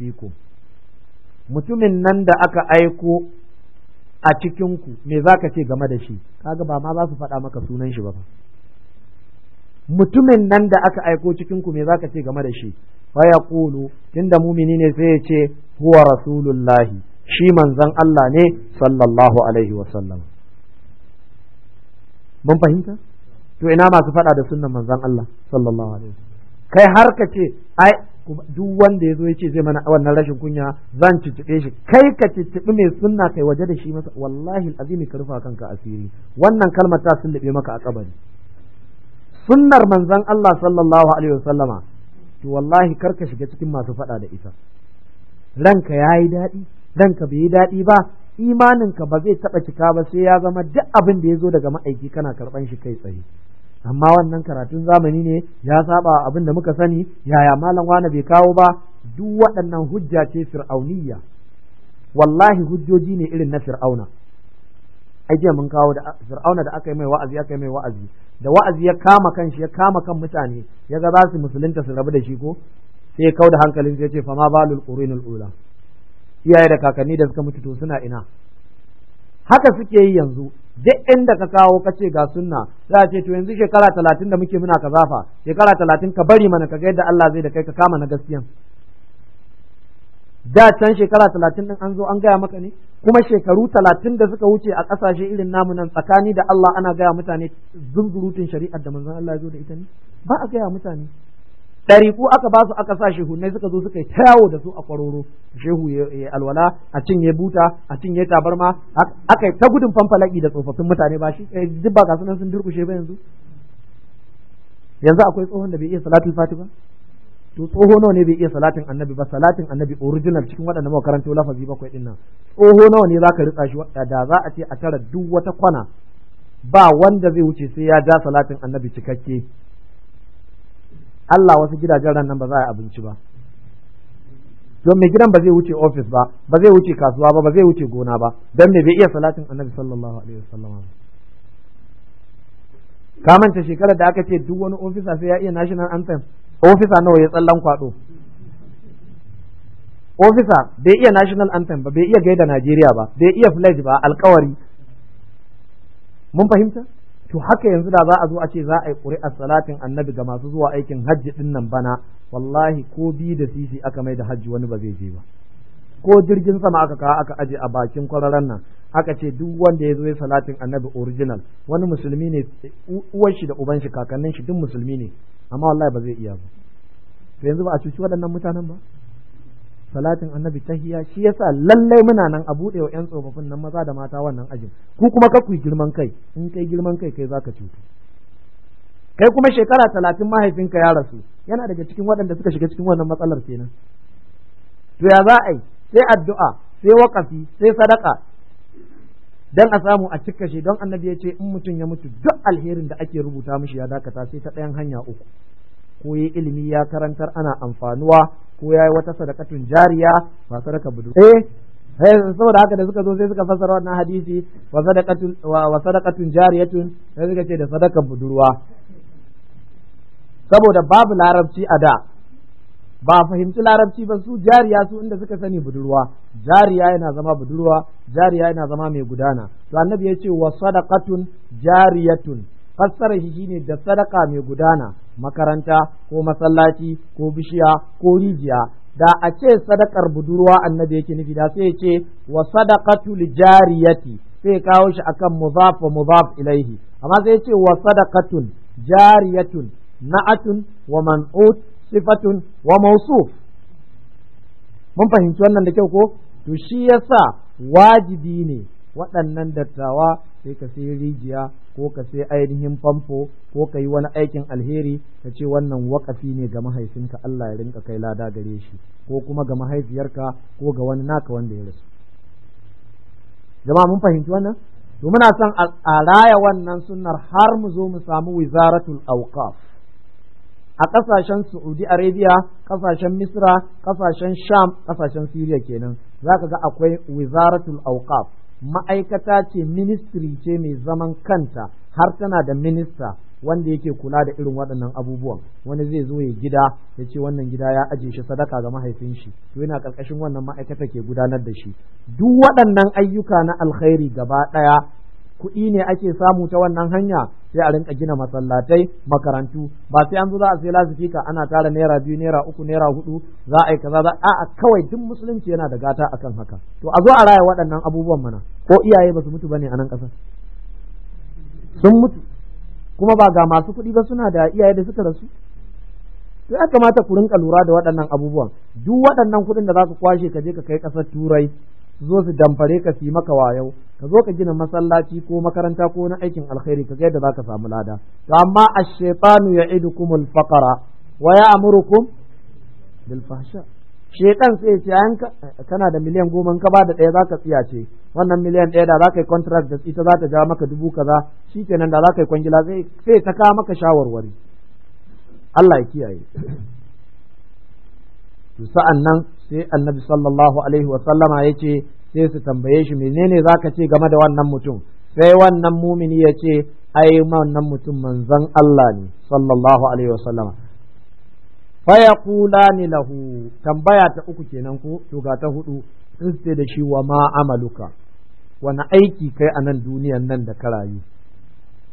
Speaker 1: mutumin nan da aka aiko a cikinku me za ka ce game da shi kaga ba ma za su faɗa maka sunan shi ba mutumin nan da aka aiko cikin ku me ka ce game da shi fa yaqulu tunda mumini ne sai ya ce huwa rasulullahi shi manzon Allah ne sallallahu alaihi wasallam mun fahimta to ina masu faɗa da sunnan manzon Allah sallallahu alaihi wasallam kai har ka ce ai duk wanda ya zo ya ce zai mana wannan rashin kunya zan cicciɓe shi kai ka cicciɓi mai sunna kai waje da shi masa wallahi azimi ka rufa kanka asiri wannan kalmar ta sullube maka a kabari sunnar manzon Allah sallallahu alaihi wasallama to wallahi kar ka shiga cikin masu faɗa da ita ranka yayi daɗi ranka bai yi daɗi ba imaninka ba zai taɓa cika ba sai ya zama duk abin da ya zo daga ma'aiki kana karɓan shi kai tsaye amma wannan karatun zamani ne ya saba abin da muka sani yaya malam wane bai kawo ba duk waɗannan hujja ce fir'auniyya wallahi hujjoji ne irin na fir'auna ai mun kawo da fir'auna da aka yi mai wa'azi aka yi mai wa'azi da wa'azi ya kama kan shi ya kama kan mutane ya ga za su musulunta su rabu da shi ko sai ya kau da hankalin sai ya ce fama balul qurunul ula iyaye da kakanni da suka mutu to suna ina haka suke yi yanzu duk inda ka kawo ka ce ga sunna za ce to yanzu shekara talatin da muke muna ka zafa shekara talatin ka bari mana ka ga yadda Allah zai da kai ka kama na gaskiyan da can shekara talatin din an zo an gaya maka ne kuma shekaru talatin da suka wuce a ƙasashe irin namu nan tsakani da Allah ana gaya mutane zunzurutun shari'ar da manzon Allah ya zo da ita ne ba a gaya mutane dariku aka ba su aka sa shehu shehunai suka zo suka yi ta yawo da su a kwaroro shehu ya alwala a cinye buta a cinye tabarma aka yi ta gudun fanfalaki da tsofaffin mutane ba shi eh, duk ba gasu nan sun durkushe ba yanzu yanzu akwai tsohon da bai iya salatul fati to tsoho nawa ne bai iya salatin annabi ba salatin annabi original cikin waɗanda muka karanto lafazi bakwai din nan tsoho nawa ne zaka ritsa shi da za a ce a tara duk wata kwana ba wanda zai wuce sai ya ja salatin annabi cikakke Allah wasu gidajen ran nan ba za a yi abinci ba don mai gidan ba zai wuce ofis ba ba zai wuce kasuwa ba ba zai wuce gona ba don me bai iya salatin annabi sallallahu alaihi wasallam ka manta shekarar da aka ce duk wani ofisa sai ya iya national anthem ofisa nawa ya tsallan kwado ofisa bai iya national anthem ba bai iya gaida Najeriya ba bai iya flag ba alkawari mun fahimta to haka yanzu da za a zo a ce za a yi ƙuri'ar salatin annabi ga masu zuwa aikin hajji din nan bana wallahi ko bi da sisi aka mai da hajji wani ba zai je ba ko jirgin sama aka kawo aka aje a bakin kwararren nan aka ce duk wanda ya zo ya salatin annabi original wani musulmi ne uwan shi da uban shi kakannin shi duk musulmi ne amma wallahi ba zai iya ba yanzu ba a cuci waɗannan mutanen ba salatin annabi tahiya shi yasa lallai muna nan a buɗe wa 'yan tsofaffin nan maza da mata wannan ajin ku kuma ka ku girman kai in kai girman kai kai zaka cutu kai kuma shekara talatin mahaifinka ya rasu yana daga cikin waɗanda suka shiga cikin wannan matsalar kenan to ya za a yi sai addu'a sai wakafi sai sadaka dan a samu a cika shi don annabi ya ce in mutum ya mutu duk alherin da ake rubuta mishi ya dakata sai ta ɗayan hanya uku ko yi ilimi ya karantar ana amfanuwa ko yi wata sadakatun jariya ba sadaka budu eh sai eh, saboda haka da suka zo sai suka fassara wannan hadisi wa sadakatun wa jariyatun sai suka ce da sadakan budurwa saboda babu larabci a da ba fahimci larabci ba su jariya su inda suka sani budurwa jariya yana zama budurwa jariya yana zama mai gudana to annabi ya ce wa sadaqatun jariyatun fassara shi shine da sadaka mai gudana makaranta ko masallaci ko bishiya ko rijiya da a ce sadakar budurwa annabi yake nufi da sai ya ce wa sadaqatu jariyati sai kawo shi akan muzaf wa muzaf ilaihi amma sai ya ce wa sadaqatun jariyatun na'atun wa man'ut sifatun wa mawsuf mun fahimci wannan da kyau ko to shi yasa wajibi ne waɗannan dattawa sai ka sai rijiya ko ka sai ainihin famfo ko ka yi wani aikin alheri ka ce wannan wakafi ne ga mahaifinka Allah ya rinka kai lada gare shi ko kuma ga mahaifiyarka ko ga wani naka wanda ya rasu jama'a mun fahimci wannan to muna son a raya wannan sunnar har mu zo mu samu wizaratul awqaf a ƙasashen Saudi Arabia, ƙasashen Misra, ƙasashen Sham, ƙasashen Syria kenan, za ka ga akwai wizaratul awqaf ma'aikata ce ministry ce mai zaman kanta har tana da minista wanda yake kula da irin waɗannan abubuwan wani zai zo ya gida ya ce wannan gida ya ajiye shi sadaka ga mahaifin shi to yana ƙarƙashin wannan ma'aikata ke gudanar da shi duk waɗannan ayyuka na alkhairi gaba ɗaya kuɗi ne ake samu ta wannan hanya sai a rinka gina masallatai makarantu ba sai an zo za a sai lasifika ana tara naira biyu naira uku naira hudu za a yi kaza za a kawai duk musulunci yana da gata akan haka to a zo a raya waɗannan abubuwan mana ko iyaye ba su mutu bane a nan ƙasar sun mutu kuma ba ga masu kuɗi ba suna da iyaye da suka rasu to ya kamata ku rinka lura da waɗannan abubuwan duk waɗannan kuɗin da za ku kwashe ka je ka kai ƙasar turai su zo su damfare ka su yi maka wayo ka zo ka gina masallaci ko makaranta ko na aikin alkhairi ka ga yadda zaka samu lada to amma ash-shaytanu ya'idukum al-faqra wa ya'murukum bil fahsha shaytan sai ya ce an kana da miliyan goma ka ba da ɗaya zaka ce wannan miliyan ɗaya da zaka yi contract da ita za ta ja maka dubu kaza shikenan da ka yi kwangila sai ta kawo maka shawarwari Allah ya kiyaye to sa'an nan sai annabi sallallahu alaihi wasallama ya ce sai su tambaye shi menene za ka ce game da wannan mutum sai wannan mumini ya ce ai wannan mutum manzon Allah ne sallallahu alaihi wasallama kula ni lahu tambaya ta uku kenan ko to ga ta hudu sun ce da shi wa ma amaluka wani aiki kai a nan duniyan nan da ka rayu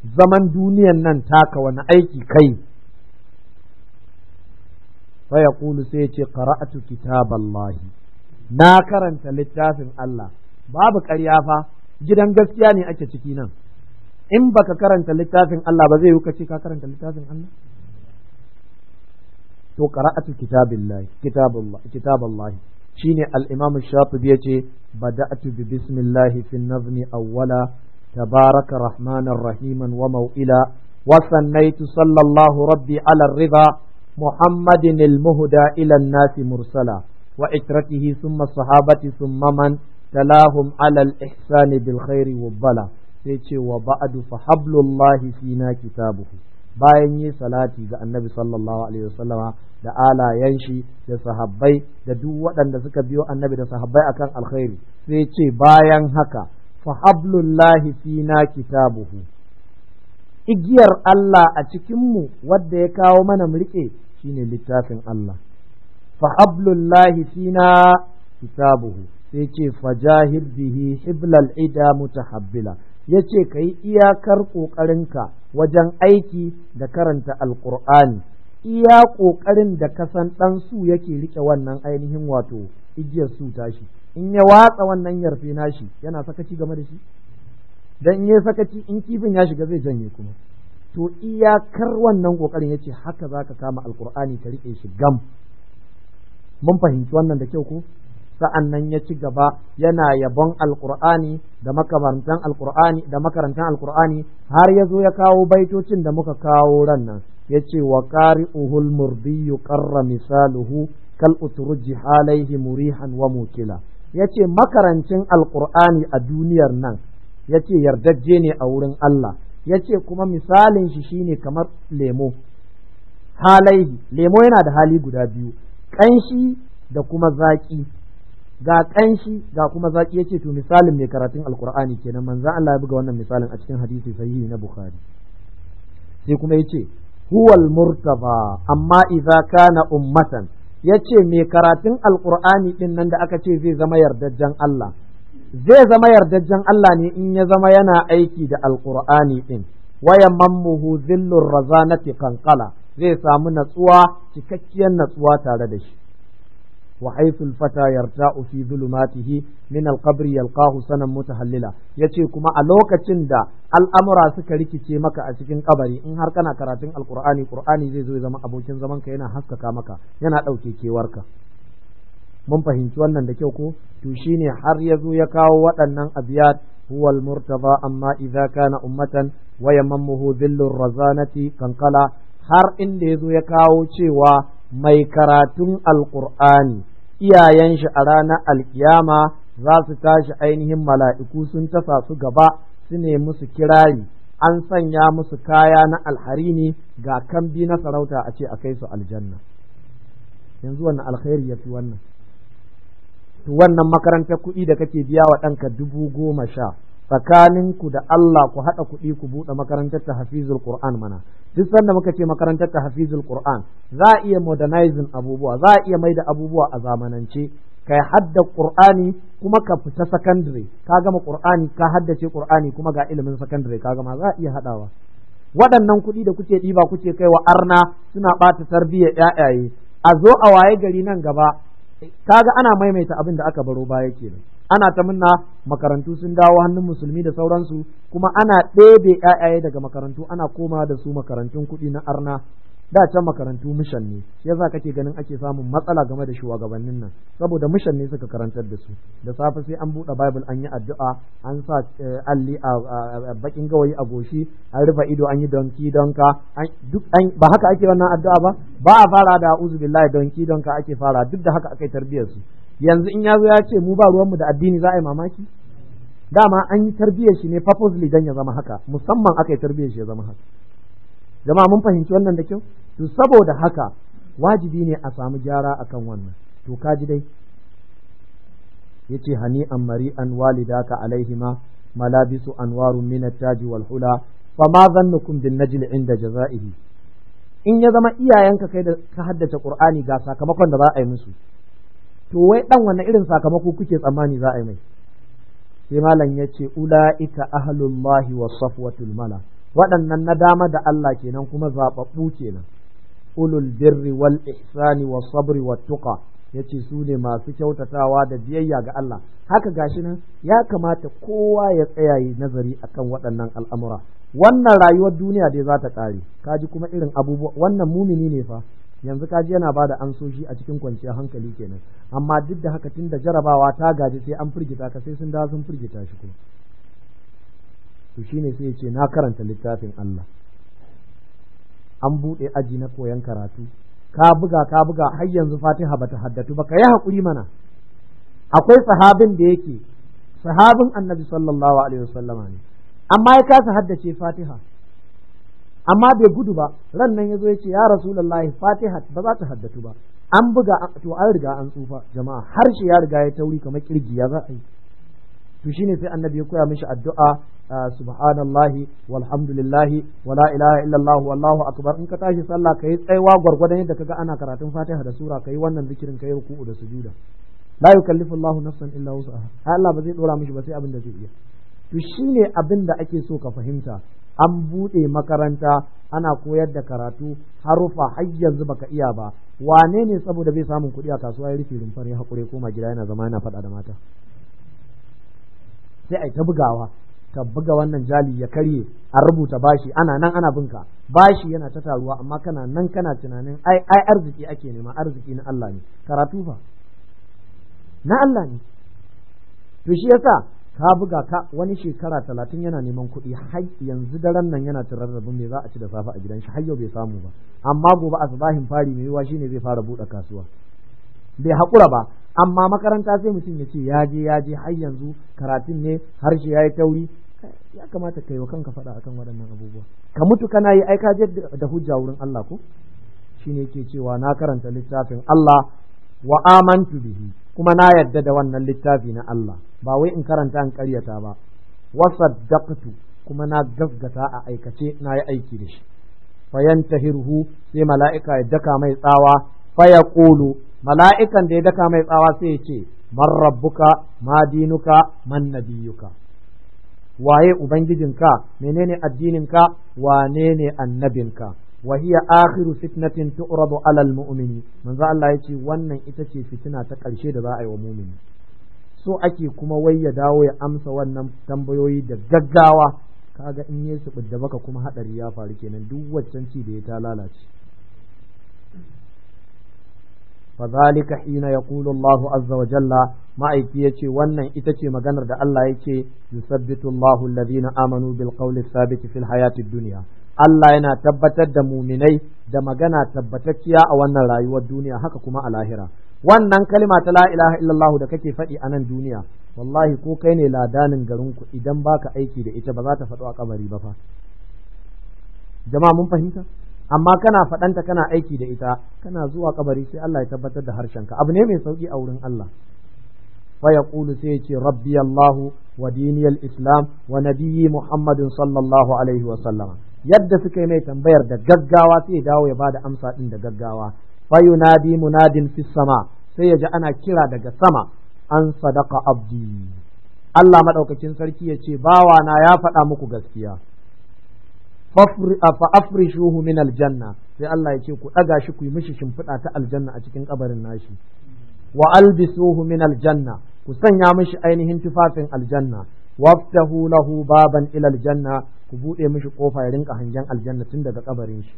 Speaker 1: zaman duniyan nan taka wani aiki kai fa yaqulu sai ya ce qara'atu kitaballahi na karanta littafin Allah babu ƙarya fa gidan gaskiya ne ake ciki nan in baka karanta littafin Allah ba zai yi ce ka karanta littafin Allah to qara'atu kitabillahi kitabullah kitaballahi shine al-imam shatibi yace bada'tu bi bismillahi fi nazmi awwala تبارك رحمن رحيما وموئلا وثنيت صلى الله ربي على الرضا محمد المهدى إلى الناس مرسلا وإترته ثم الصحابة ثم من تلاهم على الإحسان بالخير والبلا سيتي وبعد فحبل الله فينا كتابه bayan yi salati ga annabi sallallahu alaihi da alayen shi da sahabbai da duk waɗanda suka biyo annabi da sahabbai akan alkhairi sai ce bayan haka fa hablullahi fina kitabuhu igiyar Allah a cikinmu wadda ya kawo mana mu shine littafin Allah fa hablullahi fina kitabuhu sai ce fajahir bihi hiblal ida mutahabbila yace kai iyakar ƙoƙarinka wajen aiki da karanta alqur'ani iya ƙoƙarin da kasan ɗan su yake riƙe wannan ainihin wato igiyar su tashi in ya watsa wannan yarfe nashi yana sakaci game da shi dan yi sakaci in kifin ya shiga zai janye kuma to iyakar wannan kokarin yace haka zaka kama alqur'ani ka rike shi gam mun fahimci wannan da kyau ko sa'an nan ya ci gaba yana yabon alƙur'ani da makarantan alƙur'ani da makarantan alqur'ani har ya zo ya kawo baitocin da muka kawo ran nan ya wa ƙari'uhul murdi yuqarra misaluhu kal uturji halaihi murihan wa mukila ya ce makarancin alƙur'ani a duniyar nan yace yardajje ne a wurin Allah yace kuma misalin shi shine kamar lemo halaihi lemo yana da hali guda biyu ƙanshi da kuma zaƙi ga ƙanshi ga kuma zaƙi yace to misalin mai karatun alkur'ani kenan manzo Allah ya buga wannan misalin a cikin hadisi sahihi na bukhari sai kuma yace huwal murtaba amma idza kana ummatan yace mai karatun alkur'ani din nan da aka ce zai zama yardajjen Allah zai zama yardajjen Allah ne in ya zama yana aiki da alkur'ani ɗin wayan mammuhu zillur razanati kankala zai samu natsuwa cikakkiyar natsuwa tare da shi wa haythul fata yarta'u fi zulumatihi min alqabri yalqahu sanan mutahallila yace kuma a lokacin da al'amura suka rikice maka a cikin kabari in har kana karatun alqur'ani qur'ani zai zo ya zama abokin zaman ka yana haskaka maka yana dauke kewarka mun fahimci wannan da kyau ko to shine har yazo ya kawo waɗannan abiyat huwa al amma idza kana ummatan wa yamammuhu dhillu razanati kankala har inda ya zo ya kawo cewa mai karatun alqur'ani iyayen shi a ranar alkiyama za su tashi ainihin mala'iku sun tasa su gaba su ne musu kirari an sanya musu kaya na alharini ga kambi na sarauta a ce a kai su aljanna yanzu wannan alkhairi ya fi wannan to wannan makarantar kuɗi da kake biya wa ɗanka dubu goma sha tsakaninku da Allah ku haɗa kuɗi ku buɗe makarantar ta hafizul Qur'an mana duk sanda muka ce makarantar ta hafizul Qur'an za a iya modernizing abubuwa za a iya maida abubuwa a zamanance kai hadda Qur'ani kuma ka fita secondary ka gama Qur'ani ka haddace Qur'ani kuma ga ilimin secondary ka gama za a iya haɗawa waɗannan kuɗi da kuke ɗiba kuke kai wa arna suna ɓata tarbiyyar ƴaƴaye a zo a waye gari nan gaba kaga ana maimaita abin da aka baro baya nan, ana ta munna makarantu sun dawo hannun musulmi da sauransu kuma ana ɗebe ƴaƴaye daga makarantu ana koma da su makarantun kuɗi na arna da can makarantu mishan ne shi yasa kake ganin ake samun matsala game da shugabannin nan saboda mishan ne suka karantar da su da safe sai an buɗe bible an yi addu'a an sa eh, alli a bakin gawayi a goshi an rufe ido an yi donki donka duk ba haka ake wannan addu'a ba ba a fara da a'udhu billahi donki donka ake fara duk da haka akai tarbiyar su yanzu in yazo ya ce mu ba ruwan mu da addini za a yi mamaki dama an yi tarbiyyar shi ne purposely dan ya zama haka musamman aka tarbiyar shi ya zama haka jama'a mun fahimci wannan da kyau to saboda haka wajibi ne a samu gyara akan wannan to kaji dai yace hani an mari an walidaka alaihima malabisu anwarun min at-taj wal hula fama zannukum bin najl inda jazaihi in ya zama iyayenka kai da ka haddace qur'ani ga sakamakon da za a yi musu to wai dan wanne irin sakamako kuke tsammani za a yi mai sai malam yace ulaika ahlullahi was safwatul mala waɗannan na dama da Allah kenan kuma zaɓaɓɓu kenan ulul birri wal ihsani wa sabri wat tuqa yace su ne masu kyautatawa da biyayya ga Allah haka gashi nan ya kamata kowa ya tsaya yi nazari akan waɗannan al'amura wannan rayuwar duniya dai za ta ƙare kaji kuma irin abubuwa wannan mumini ne fa yanzu kaji yana ba da ansoshi a cikin kwanciyar hankali kenan amma duk da haka tun da jarabawa ta gaji sai an firgita ka sai sun dawo sun firgita shi kuma to shine sai ce na karanta littafin Allah an buɗe aji na koyon karatu ka buga ka buga har yanzu Fatiha bata haddatu ba ka yi hakuri mana akwai sahabin da yake sahabin Annabi sallallahu alaihi wasallama ne amma ya kasa haddace Fatiha amma bai gudu ba ran nan yazo ya ce ya rasulullahi Fatiha ba za ta haddatu ba an buga to an riga an tsufa jama'a harshe ya riga ya tauri kamar kirgi ya za a yi to shine sai annabi ya koya mishi addu'a subhanallahi walhamdulillahi wala ilaha illallah wallahu akbar in ka tashi sallah kai tsaiwa gurgurdan yadda kaga ana karatun fatiha da sura kai wannan zikirin kai ruku'u da sujuda la yukallifu Allahu nafsan illa wus'aha Allah ba zai dora miki ba sai abin da zai iya to shine abin da ake so ka fahimta an bude makaranta ana koyar da karatu harufa har yanzu baka iya ba wane ne saboda bai samun kuɗi a kasuwa ya rufe rumfar ya hakure koma gida yana zama yana faɗa da mata sai a ta bugawa ka buga wannan jali ya karye a rubuta bashi ana nan ana binka bashi yana ta taruwa amma kana nan kana tunanin ai ai arziki ake nema arziki na Allah ne karatu fa na Allah ne to shi yasa ka buga ka wani shekara talatin yana neman kuɗi har yanzu daren nan yana tararrabin me za a ci da safe a gidan shi har yau bai samu ba amma gobe a asbahin fari mai yiwa shine zai fara buɗe kasuwa bai haƙura ba amma makaranta sai mutum ya ce ya je ya je har yanzu karatun ne harshe ya yi tauri ya kamata ka yi wa kanka faɗa akan waɗannan abubuwa ka mutu kana yi ai ka je da hujja wurin Allah ko shine yake cewa na karanta littafin Allah wa amantu bihi kuma na yarda da wannan littafi na Allah ba wai in karanta an karyata ba wa saddaqtu kuma na gaggata a aikace na yi aiki da shi fayantahirhu sai mala'ika ya daka mai tsawa fayaqulu mala'ikan da ya daka mai tsawa sai ya ce man rabbuka ma dinuka man nabiyuka waye ubangijinka menene addininka wane ne annabinka wa hiya akhiru fitnatin tu'radu 'ala almu'mini mumini manzo Allah yace wannan ita ce fitina ta karshe da za a yi wa mu'mini so ake kuma wai ya dawo ya amsa wannan tambayoyi da gaggawa kaga in yesu bidda baka kuma hadari ya faru kenan duk waccan ci da ya ta lalace fa zalika hina yaqulu Allah azza wa jalla ma'aiki yace wannan ita ce maganar da Allah yake yusabbitu Allahu alladhina amanu bil qawli thabit fil hayati dunya Allah yana tabbatar da muminai da magana tabbatacciya a wannan rayuwar duniya haka kuma a lahira wannan kalima ta la ilaha illallah da kake faɗi a nan duniya wallahi ko kai ne ladanin garin ku idan baka aiki da ita baza ta faɗo a kabari ba fa jama mun fahimta amma kana faɗanta kana aiki da ita kana zuwa kabari sai Allah ya tabbatar da harshenka abu ne mai sauki a wurin Allah fa yaqulu sai ya ce rabbi Allah wa diniyal islam wa nabiyyi muhammadin sallallahu alaihi wa sallama yadda suka yi mai tambayar da gaggawa sai ya dawo ya bada amsa din da gaggawa fa yunadi munadin fis sama sai ya ji ana kira daga sama an sadaka abdi Allah madaukakin sarki ya ce bawana ya faɗa muku gaskiya fa afrishuhu min aljanna sai Allah ya ce ku daga shi ku yi mishi shimfiɗa ta aljanna a cikin kabarin nashi wa albisuhu min aljanna ku sanya mishi ainihin tufafin aljanna waftahu lahu baban ila aljanna ku bude mishi kofa ya rinka hangen aljanna tun daga kabarin shi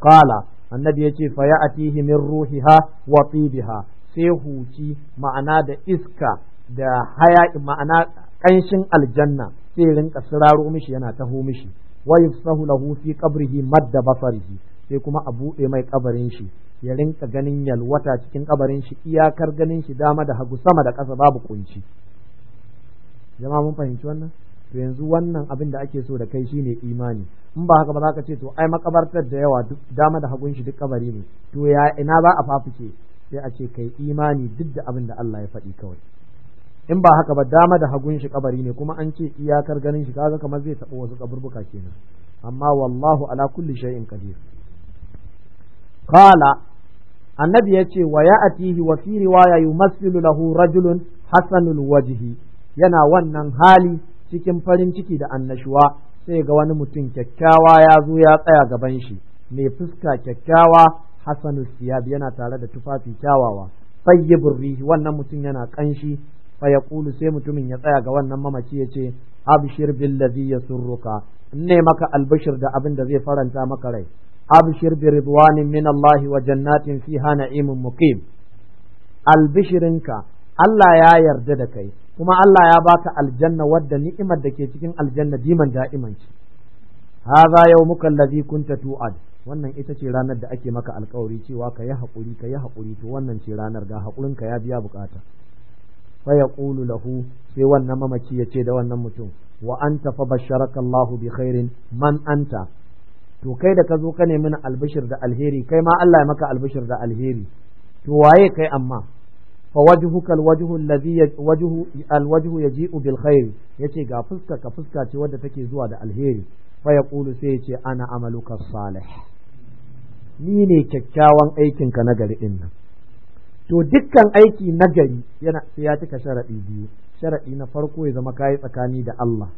Speaker 1: qala annabi yace fa ya'tihi min ruhiha wa tibiha sai huci ma'ana da iska da hayaki ma'ana kanshin aljanna sai rinka siraro mishi yana taho mishi wa Sahla lahu fi qabrihi madda basarihi sai kuma a buɗe mai kabarin shi ya rinka ganin yalwata cikin kabarin shi iyakar ganin shi dama da hagu sama da ƙasa babu kunci jama'a mun fahimci wannan to yanzu wannan abin da ake so da kai shine imani in ba haka ba za ka ce to ai makabartar da yawa duk dama da hagun shi duk kabari ne to ya ina za a fafuke sai a ce kai imani duk da abin da Allah ya faɗi kawai in ba haka ba dama da hagun shi kabari ne kuma an ce iyakar ganin shi kaga kamar zai taɓa wasu kaburbuka kenan amma wallahu ala kulli shay'in qadir qala annabi yace wa ya'tihi wa fi riwaya yumassilu lahu rajulun hasanul wajhi yana wannan hali cikin farin ciki da annashuwa sai ga wani mutum kyakkyawa ya zo ya tsaya gaban shi mai fuska kyakkyawa hasanul siyab yana tare da tufafi kyawawa tayyibur rihi wannan mutum yana kanshi fa Kulu, sai mutumin ya tsaya ga wannan mamaci yace abshir billazi yasurruka ne maka albashir da abin da zai faranta maka rai abshir bi ridwanin min Allah wa jannatin fiha na'imun muqim albishirinka Allah ya yarda da kai kuma Allah ya baka aljanna wadda ni'imar da ke cikin aljanna diman da'iman ce hadha yawmuka allazi kunta tu'ad wannan ita ce ranar da ake maka alkawari cewa ka yi haƙuri ka yi haƙuri to wannan ce ranar ga haƙurinka ya biya bukata Faya yaqulu lahu sai wannan mamaci ya ce da wannan mutum wa anta fa basharaka Allah bi khairin man anta to kai da ka zo ka nemi albishir da alheri kai ma Allah ya maka albishir da alheri to waye kai amma fa wajhuka alwajhu alladhi wajhu alwajhu yaji'u bil khair yace ga fuska ka fuska ce wadda take zuwa da alheri Faya yaqulu sai yace ana amaluka salih ni ne kyakkyawan aikinka na gari din to dukkan aiki na gari yana sai ya cika sharaɗi biyu sharaɗi na farko ya zama kayi tsakani da Allah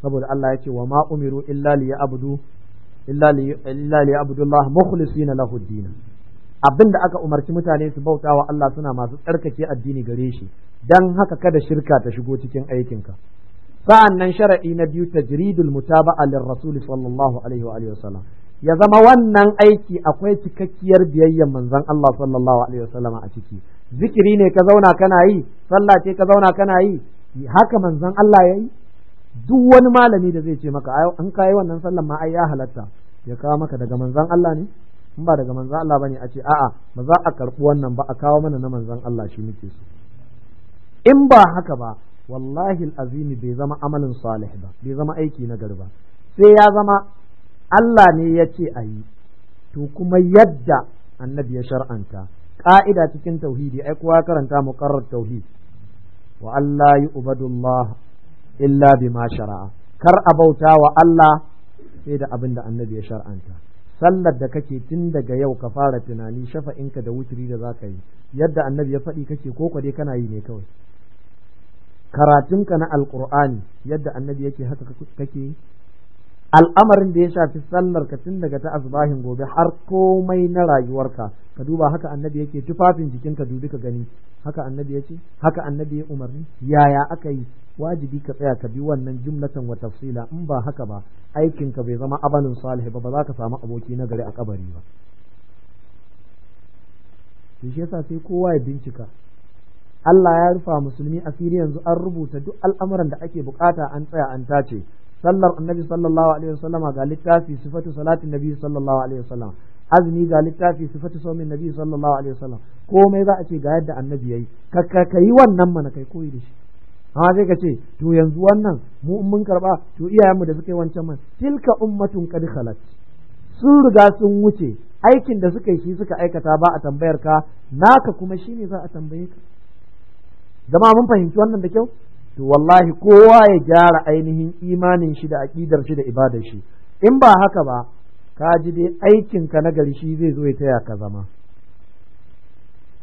Speaker 1: saboda Allah ya ce wa ma umiru illa li ya'budu illa li illa mukhlisina din abinda aka umarci mutane su bauta wa Allah suna masu tsarkake addini gare shi dan haka kada shirka ta shigo cikin aikinka sa'an nan sharaɗi na biyu tajridul mutaba'a rasul sallallahu alaihi wa alihi wa sallam ya zama wannan aiki akwai cikakkiyar biyayyar manzon Allah sallallahu alaihi wasallama a ciki zikiri ne ka zauna kana yi sallah ce ka zauna kana yi haka manzon Allah yayi duk wani malami da zai ce maka an kai wannan sallan ma ai ya halatta ya kawo maka daga manzon Allah ne in ba daga manzon Allah bane a ce a'a ba za a karbi wannan ba a kawo mana na manzon Allah shi muke so in ba haka ba wallahi azimi bai zama amalin salih ba bai zama aiki na garba sai ya zama Allah ne ya ce a yi to kuma yadda annabi ya shar'anta ƙa'ida cikin tauhidi ai kowa karanta muqarrar tauhid wa Allah yu'badullah illa bima shara'a kar a bauta wa Allah sai da abin da annabi ya shar'anta sallar da kake tun daga yau ka fara tunani shafa'inka da wuturi da zaka yi yadda annabi ya faɗi kake ko kwade kana yi ne kawai karatunka na alqur'ani yadda annabi yake haka kake al'amarin da ya shafi sallar ka tun daga ta asbahin gobe har komai na rayuwarka ka duba haka annabi yake tufafin jikin ka dubi ka gani haka annabi yace haka annabi ya umarni yaya aka yi wajibi ka tsaya ka bi wannan jumlatan wa tafsila in ba haka ba aikin ka bai zama abanin salih ba ba za ka samu aboki na gari a kabari ba shi yasa sai kowa ya bincika Allah ya rufa musulmi asiri yanzu an rubuta duk al'amuran da ake bukata an tsaya an tace sallar annabi sallallahu alaihi wasallama ga littafi sifatu salatin nabi sallallahu alaihi wasallama azumi ga littafi sifatu saumin nabi sallallahu alaihi wasallam komai za a ce ga yadda annabi yayi ka ka yi wannan mana kai koyi da shi amma sai ka ce to yanzu wannan mu in mun karba to iyayenmu da suka yi wancan man tilka ummatun qad khalat sun riga sun wuce aikin da suka yi shi suka aikata ba a tambayar ka naka kuma shine za a tambaye ka jama'a mun fahimci wannan da kyau to wallahi kowa ya gyara ainihin imanin shi da aƙidar shi da ibadar shi in ba haka ba ka ji dai aikin ka nagari shi zai zo ya taya ka zama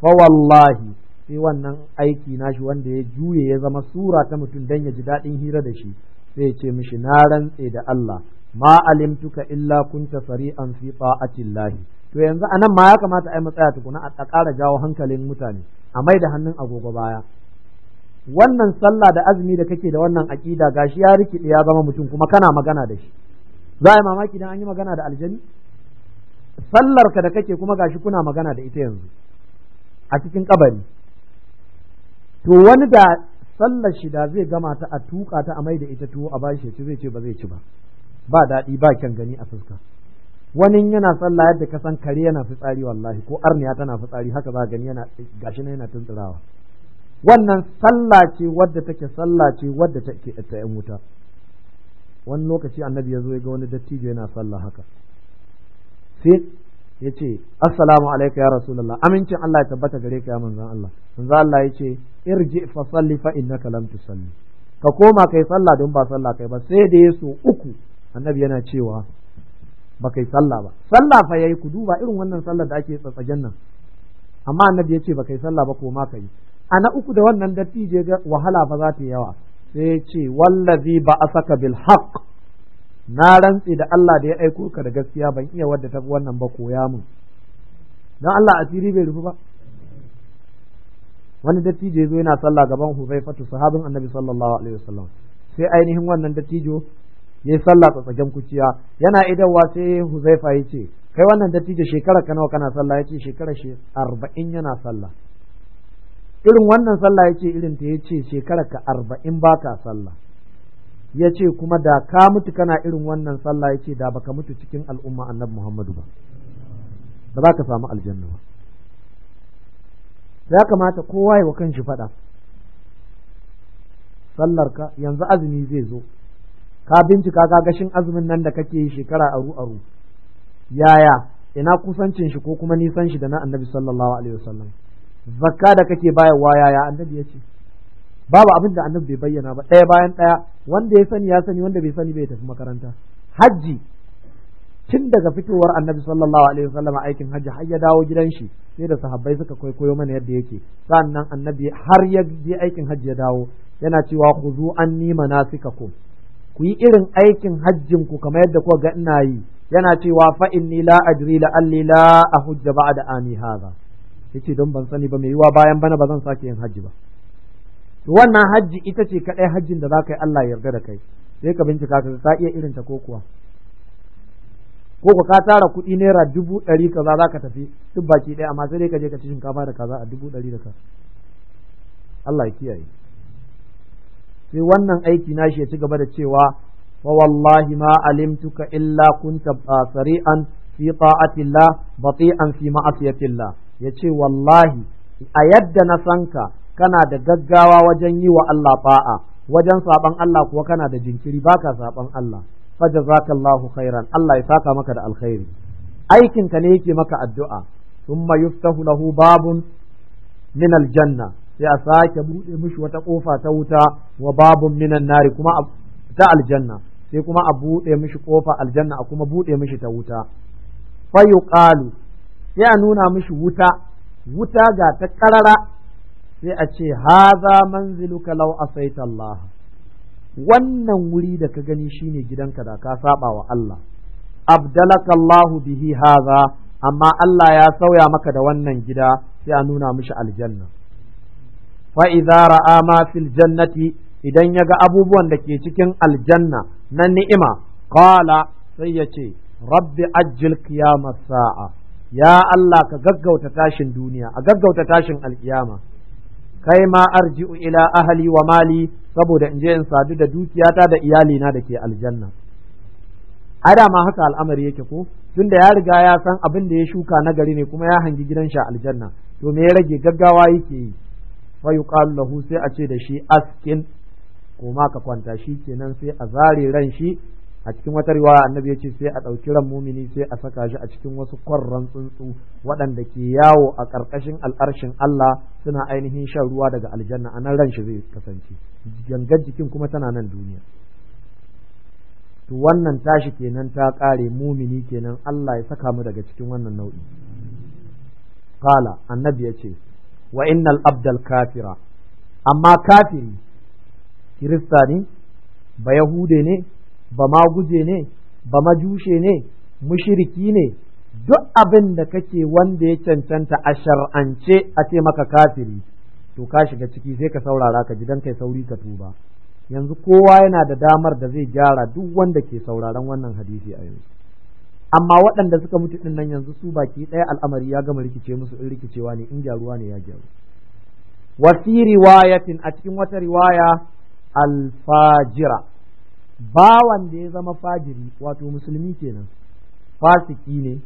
Speaker 1: fa wallahi sai wannan aiki na shi wanda ya juye ya zama sura ta mutum dan ya ji daɗin hira da shi sai ce mishi na rantse da Allah ma alimtuka illa kunta sari'an fi ta'atillahi to yanzu anan ma ya kamata ai matsaya tukuna a ƙara jawo hankalin mutane a mai da hannun agogo baya wannan sallah da azumi da kake da wannan aƙida gashi ya rikide ya zama mutum kuma kana magana da shi za a yi mamaki dan an yi magana da aljani sallarka da kake kuma gashi kuna magana da ita yanzu a cikin kabari to wani da sallar shi da zai gama ta a tuka ta a mai da ita tuwo a bashi ci zai ce ba zai ci ba ba daɗi ba kyan gani a fuska wani yana sallah yadda ka san kare yana fitsari wallahi ko arniya tana fitsari haka za gani yana gashi na yana tuntsirawa wannan sallah ce wadda take sallah ce wadda take ta yan wuta wani lokaci annabi ya zo ya ga wani dattijo yana sallah haka sai ya ce assalamu ya rasulullah amincin Allah ya tabbata gare ka ya manzon Allah manzon Allah ya ce irji fa salli fa innaka lam tusalli ka koma kai sallah don ba sallah kai ba sai da ya so uku annabi yana cewa ba kai sallah ba sallah fa yayi ku duba irin wannan sallar da ake tsatsagen nan amma annabi ya ce ba kai sallah ba koma kai a na uku da wannan dattijo ga wahala ba za ta yawa sai ce wallazi ba asaka bil haqq na rantse da Allah da ya aiko ka da gaskiya ban iya wadda ta wannan ba koya mun dan Allah asiri bai rufu ba wani dattijo zo yana sallah gaban Huzaifatu sahabin Annabi sallallahu alaihi wasallam sai ainihin wannan dattijo ya yi sallah tsatsagen kuciya yana idawa sai Huzaifa ya ce kai wannan dattijo shekara ka nawa kana sallah ya ce shekara arba'in yana sallah irin wannan sallah ya ce irin ta ya ce shekara ka arba'in ba ka sallah ya ce kuma da ka mutu kana irin wannan sallah ya ce da baka mutu cikin al'umma annabi muhammadu ba ba za ka samu aljanna ba ya kamata kowa ya wa kanshi faɗa sallar ka yanzu azumi zai zo ka bincika ka gashin azumin nan da kake yi shekara aru aru yaya ina kusancin shi ko kuma nisan shi da na annabi sallallahu alaihi wasallam zakka da kake bayarwa yaya annabi ya ce babu abin da annabi bai bayyana ba ɗaya bayan ɗaya wanda ya sani ya sani wanda bai sani bai tafi makaranta hajji tun daga fitowar annabi sallallahu alaihi wasallam aikin hajji har ya dawo gidan shi sai da sahabbai suka kwaikwayo mana yadda yake sannan annabi har ya je aikin hajji ya dawo yana cewa ku zo nima nima suka ku ku yi irin aikin hajjin ku kamar yadda kuka ga ina yi yana cewa fa inni la ajri la alli la ahujja ba'da ani hadha yace don ban sani ba mai yiwa bayan bana ba zan sake yin hajji ba to wannan hajji ita ce kadai hajjin da za ka yi Allah yarda da kai sai ka bincika ka ta iya irin ta ko kuwa ko ka tara kuɗi naira dubu ɗari kaza za ka tafi duk baki ɗaya amma sai dai ka je ka ci shinkafa da kaza a dubu ɗari da kaza Allah ya kiyaye sai wannan aiki na shi ya ci gaba da cewa wa wallahi ma alimtuka illa kunta ah, sari'an fi ta'atillah bati'an fi ma'asiyatillah ya ce wallahi a yadda na sanka kana da gaggawa wajen yi wa Allah ba'a wajen saban Allah kuwa kana da jinkiri baka saban Allah fajazakallahu khairan Allah ya saka maka da alkhairi aikin ka ne yake maka addu'a thumma yuftahu lahu babun min aljanna sai a sake bude mishi wata kofa ta wuta wa babun minan nari kuma ta aljanna sai kuma a bude mishi kofa aljanna a kuma bude mishi ta wuta fayuqalu sai a nuna mishi wuta wuta ga ta karara sai a ce haza manziluka law asaita Allah wannan wuri da ka gani shine gidanka da ka saba wa Allah abdalaka Allahu bihi haza amma Allah ya sauya maka da wannan gida sai a nuna mishi aljanna fa idza ra'a ma fil jannati idan ya ga abubuwan da ke cikin aljanna na ni'ima qala sai ya ce rabbi ajjil qiyamas sa'a ya Allah ka gaggauta tashin duniya a gaggauta tashin alkiyama kai ma arji'u ila ahli wa mali saboda in je in sadu da dukiyata da iyalina da ke aljanna A da ma haka al'amari yake ko tun da ya riga ya san abin da ya shuka na gari ne kuma ya hangi gidan shi aljanna to me ya rage gaggawa yake yi fa yuqalu lahu sai a ce da shi askin koma ka kwanta shi kenan sai a zare ran shi a cikin wata riwaya annabi ya ce sai a ɗauki ran mumini sai a saka shi a cikin wasu kwarran tsuntsu waɗanda ke yawo a ƙarƙashin al'arshin Allah suna ainihin shan ruwa daga aljanna a nan ran shi zai kasance gangar jikin kuma tana nan duniya to wannan tashi kenan ta ƙare mumini kenan Allah ya saka mu daga cikin wannan nau'i qala annabi ya ce wa innal abdal kafira amma kafiri kirista ne ba yahude ne ba ma guje ne ba ma jushe ne mushiriki ne duk abin da kake wanda ya cancanta a shar'ance a ce maka kafiri to ka shiga ciki sai ka saurara ka ji dan kai sauri ka tuba yanzu kowa yana da damar da zai gyara duk wanda ke sauraron wannan hadisi a yanzu amma waɗanda suka mutu din nan yanzu su baki ɗaya al'amari ya gama rikice musu in rikicewa ne in gyaruwa ne ya gyaru wa riwayatin a cikin wata riwaya alfajira bawan da ya zama fajiri wato musulmi kenan fasiki ne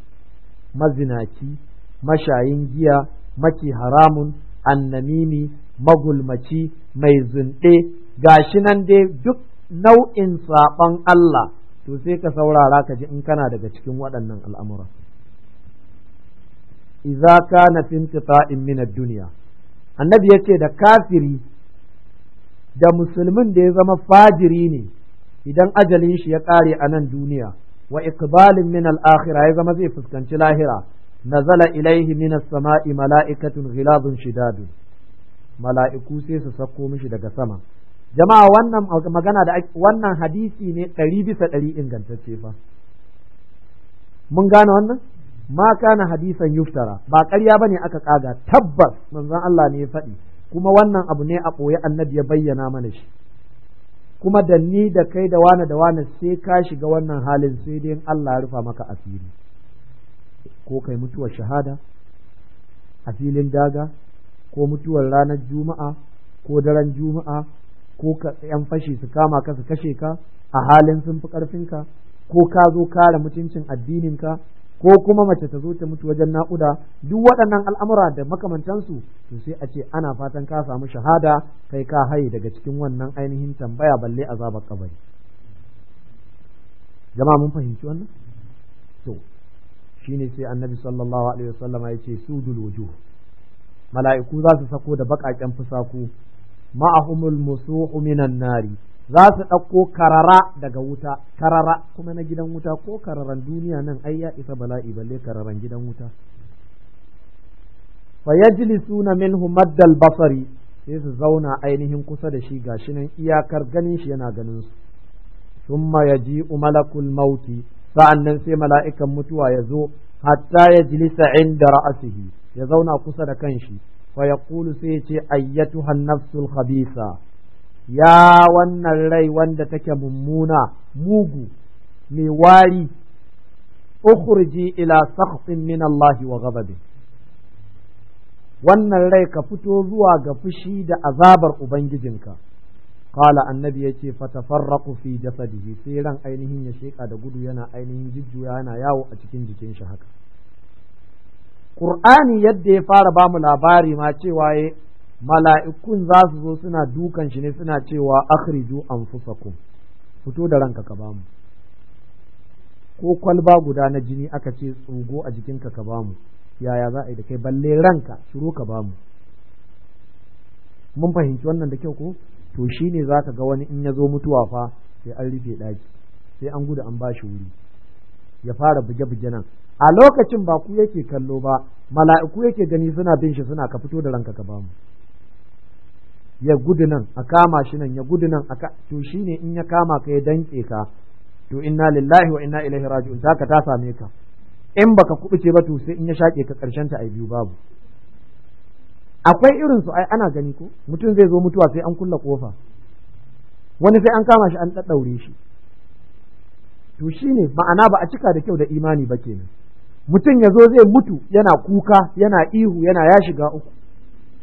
Speaker 1: mazinaci mashayin giya maki haramun annamimi magulmaci mai zunɗe gashi nan dai duk nau'in saɓon Allah to sai ka saurara ka ji in kana daga cikin waɗannan al'amura. Iza ka na in minar duniya, annabi ya ce da kafiri da musulmin da ya zama fajiri ne. idan ajalin shi ya ƙare a nan duniya wa iqbalin min al-akhirah ya zama zai fuskanci lahira nazala ilaihi min as-sama'i mala'ikatun ghilabun shidad mala'iku sai su sako mishi daga sama jama'a wannan magana da wannan hadisi ne ɗari bisa ɗari ingantacce fa mun gane wannan ma kana hadisan yuftara ba ƙarya bane aka kaga tabbas manzon Allah ne ya faɗi kuma wannan abu ne a ɓoye annabi ya bayyana mana shi kuma da ni da kai da wane da wane sai ka shiga wannan halin sai dai Allah ya rufa maka asiri ko kai mutuwar shahada a filin daga ko mutuwar ranar juma'a ko daren juma'a ko yan fashi su kama ka su kashe ka a halin sun fi ƙarfinka ko ka zo kare mutuncin addininka ko kuma mace ta zo ta mutu wajen naƙuda duk waɗannan al'amura da makamantansu to sai a ce ana fatan ka samu shahada kai ka haye daga cikin wannan ainihin tambaya balle a zaba kabari jama'a mun fahimci wannan to shine sai annabi sallallahu alaihi wasallama ya ce sudul wujuh mala'iku za su sako da baƙaƙen fusaku ma'ahumul musuhu minan nari za su ɗauko karara daga wuta karara kuma na gidan wuta ko kararan duniya nan ai ya isa bala'i balle kararan gidan wuta fa yajlisuna minhu maddal basari sai su zauna ainihin kusa da shi gashi nan iyakar ganin shi yana ganin su thumma yaji'u malakul mauti sa'annan sai mala'ikan mutuwa ya zo hatta yajlisa inda ra'asihi ya zauna kusa da kanshi fa yaqulu sai ya ce ayyatuhan nafsul khabisa ya wannan rai wanda take mummuna mugu mai wari ukhruji ila sakhin min Allah wa ghadabi wannan rai ka fito zuwa ga fushi da azabar ubangijinka qala annabi yace fatafarraqu fi jasadihi sai ran ainihin ya sheka da gudu yana ainihin jijjuya yana yawo a cikin jikin shi haka Qur'ani yadda ya fara ba mu labari ma cewa mala'ikun za su zo suna dukan shi ne suna cewa akhriju anfusakum fito da ranka ka bamu ko kwalba guda na jini aka ce tsugo a jikinka ka bamu yaya za a yi da kai balle ranka shiro ka bamu mun fahimci wannan da kyau ko to shi ne za ka ga wani in ya zo mutuwa fa sai an rufe ɗaki sai an gudu an bashi wuri ya fara buge-buge nan a lokacin ba ku yake kallo ba mala'iku yake gani suna bin shi suna ka fito da ranka ka bamu ya gudu nan a kama shi nan ya gudu nan a to shi ne in ya kama ka ya danke ka to inna lillahi wa inna ilaihi raji'un taka ta same ka in baka kubuce ba to sai in ya shake ka karshen ta ai biyu babu akwai irin su ai ana gani ko mutum zai zo mutuwa sai an kulla kofa wani sai an kama shi an daddaure shi to shi ne ma'ana ba a cika da kyau da imani ba kenan mutum ya zo zai mutu yana kuka yana ihu yana ya shiga uku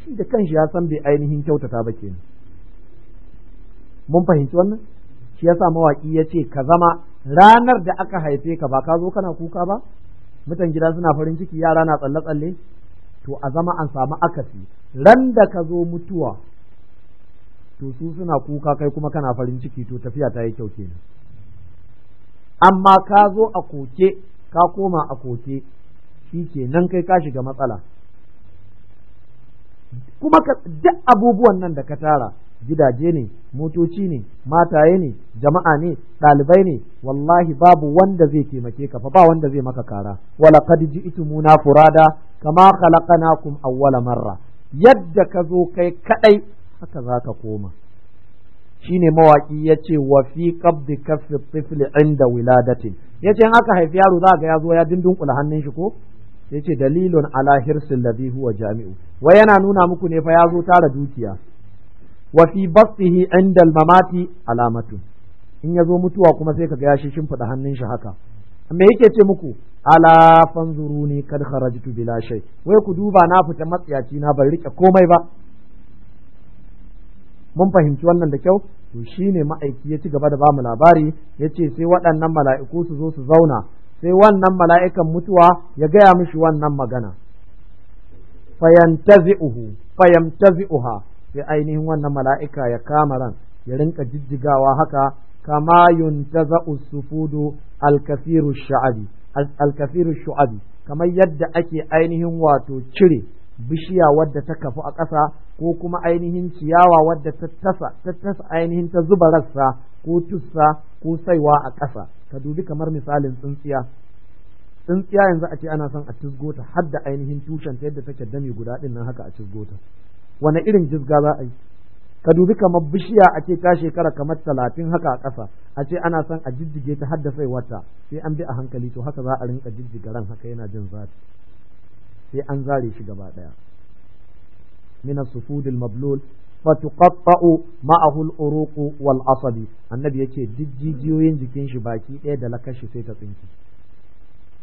Speaker 1: shi da kanshi ya san bai ainihin kyautata ba kenan mun fahimci wannan shi ya sa mawaƙi ya ce ka zama ranar da aka haife ka ba ka zo kana kuka ba mutan gida suna farin ciki yara na tsalle tsalle to a zama an samu akasi ran da ka zo mutuwa to su suna kuka kai kuma kana farin ciki to tafiya ta yi kyau kenan amma ka zo a koke ka koma a koke shi ke nan kai ka shiga matsala kuma duk abubuwan nan da ka tara gidaje ne motoci ne mataye ne jama'a ne ɗalibai ne wallahi babu wanda zai taimake ka fa ba wanda zai maka kara wala qad ji'tumuna furada kama khalaqnakum awwala marra yadda ka zo kai kadai haka zaka koma shine mawaki yace wa fi qabdi kaffi tifli inda wiladatin yace in aka haifi yaro za ga ya zo ya dindunkula hannun shi ko yace dalilun ala hirsil ladhi huwa jami'u wai yana nuna muku ne fa ya zo tara dukiya wa fi basihi inda mamati alamatu in ya zo mutuwa kuma sai kaga ya shi shimfida hannun shi haka me yake ce muku ala fanzuruni kad kharajtu bila shay wai ku duba na fita matsiyaci na ban rike komai ba mun fahimci wannan da kyau to shine ma'aiki ya ci gaba da bamu labari yace sai waɗannan mala'iku su zo su zauna sai wannan mala'ikan mutuwa ya gaya mishi wannan magana fayantazi'uhu fayamtazi'uha sai ainihin wannan mala'ika ya kama ya rinka jijjigawa haka kama yuntaza'u sufudu alkasiru sha'abi alkasiru sha'abi kamar yadda ake ainihin wato cire bishiya wadda ta kafu a ƙasa ko kuma ainihin ciyawa wadda ta tasa ta tasa ainihin ta zuba rassa ko tussa ko saiwa a ƙasa ka dubi kamar misalin tsintsiya tsintsiya yanzu a ce ana son a cizgota har da ainihin tushen ta yadda take dami guda din nan haka a ta wani irin jizga za a yi ka dubi kamar bishiya a ce ta shekara kamar talatin haka a ƙasa a ce ana son a jijjige ta har da sai wata sai an bi a hankali to haka za a rinka jijjiga ran haka yana jin zafi sai an zare shi gaba ɗaya min as-sufudil mablul fatuqatta'u ma'ahu al-uruq wal asabi annabi yace jijjijiyoyin jikin shi baki ɗaya da lakashi sai ta tsinki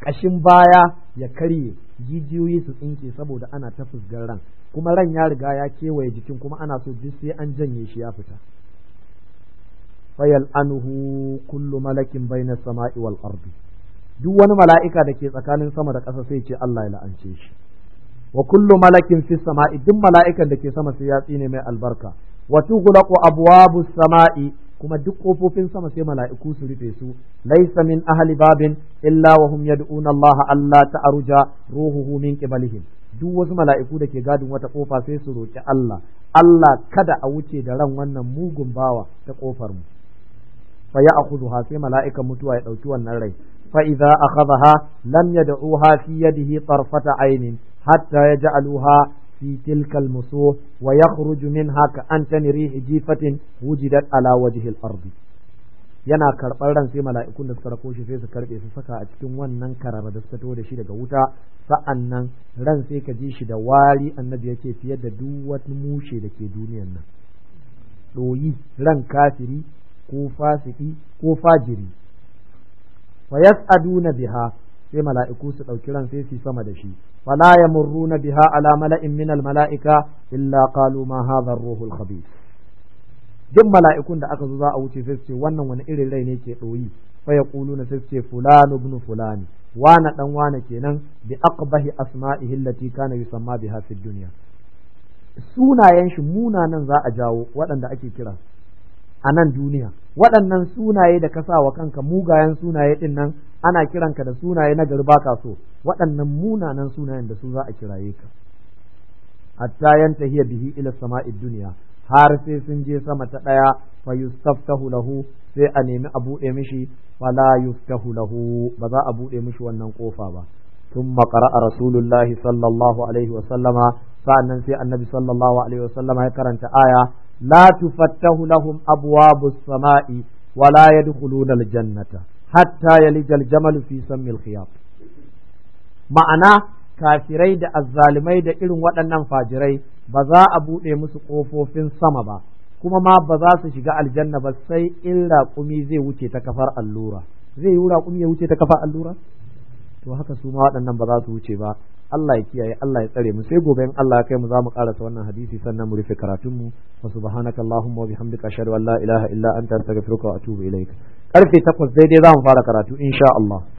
Speaker 1: ƙashin baya ya karye jijiyoyi su tsinke saboda ana ta fusgar ran kuma ran ya riga ya kewaye jikin kuma ana so duk sai an janye shi ya fita fayal anhu kullu malakin baina sama'i wal ardi duk wani mala'ika da ke tsakanin sama da ƙasa sai ce Allah ya la'ance shi wa kullu malakin fi sama'i duk mala'ikan da ke sama sai ya tsine mai albarka wa tughlaqu abwabus sama'i kuma duk kofofin sama sai mala'iku su rufe su laisa min ahli babin illa wa hum yad'una Allah Allah aruja ruhuhu min qibalihim duk wasu mala'iku da ke gadin wata ƙofa sai su roƙi Allah Allah kada a wuce da ran wannan mugun bawa ta ƙofarmu. mu fa ya'khudhuha sai mala'ikan mutuwa ya ɗauki wannan rai fa idza lamya lam yad'uha fi yadihi tarfata aynin hatta yaj'aluha في تلك min haka an كأنتن ريح جيفة وجدت على وجه الأرض yana karɓar ran sai mala'ikun da suka rako shi sai su karɓe su saka a cikin wannan karaba da suka da shi daga wuta sa'an nan ran sai ka ji shi da wari annabi ya ce fiye da duk wani mushe da ke duniyan nan ɗoyi ran kafiri ko fasiki ko fajiri wa yas'aduna biha sai mala'iku su ɗauki ran sai su sama da shi wala na biha ala mala'in min al mala'ika illa qalu ma hadha ruhul khabith duk mala'ikun da aka zo za a wuce sai ce wannan wani irin rai ne ke ɗoyi fa kulu sai su ce fulanu ibn fulani wana ɗan wana kenan bi aqbahi asma'i hillati kana yusamma biha fid dunya sunayen shi munanan za a jawo waɗanda ake kira a nan duniya waɗannan sunaye da ka sa wa kanka mugayen sunaye ɗin nan ana kiranka da sunaye na gari baka so waɗannan munanan sunayen da su za a kiraye ka hatta yantahiya bihi ila sama'i duniya har sai sun je sama ta ɗaya fa yustaftahu lahu sai a nemi a buɗe mishi fala yuftahu lahu ba za a buɗe mishi wannan kofa ba ثم قرأ رسول الله صلى الله عليه وسلم فأنا سي النبي صلى الله عليه وسلم يقرأ آية la tufattahu lahum abwabus sama'i wala la yadkhuluna aljannata hatta yalija aljamal fi sammil khiyat ma'ana kafirai da azzalimai da irin waɗannan fajirai ba za a buɗe musu ƙofofin sama ba kuma ma ba za su shiga aljanna ba sai in raƙumi zai wuce ta kafar allura zai yi raƙumi ya wuce ta kafar allura to haka su ma waɗannan ba za su wuce ba Allah ya kiyaye Allah ya tsare mu sai gobe in Allah ya kai mu za mu karasa wannan hadisi sannan mu rufe karatun mu wa subhanaka allahumma wa bihamdika ashhadu an la ilaha illa anta astaghfiruka wa atubu ilaik karfe 8 daidai za mu fara karatu insha Allah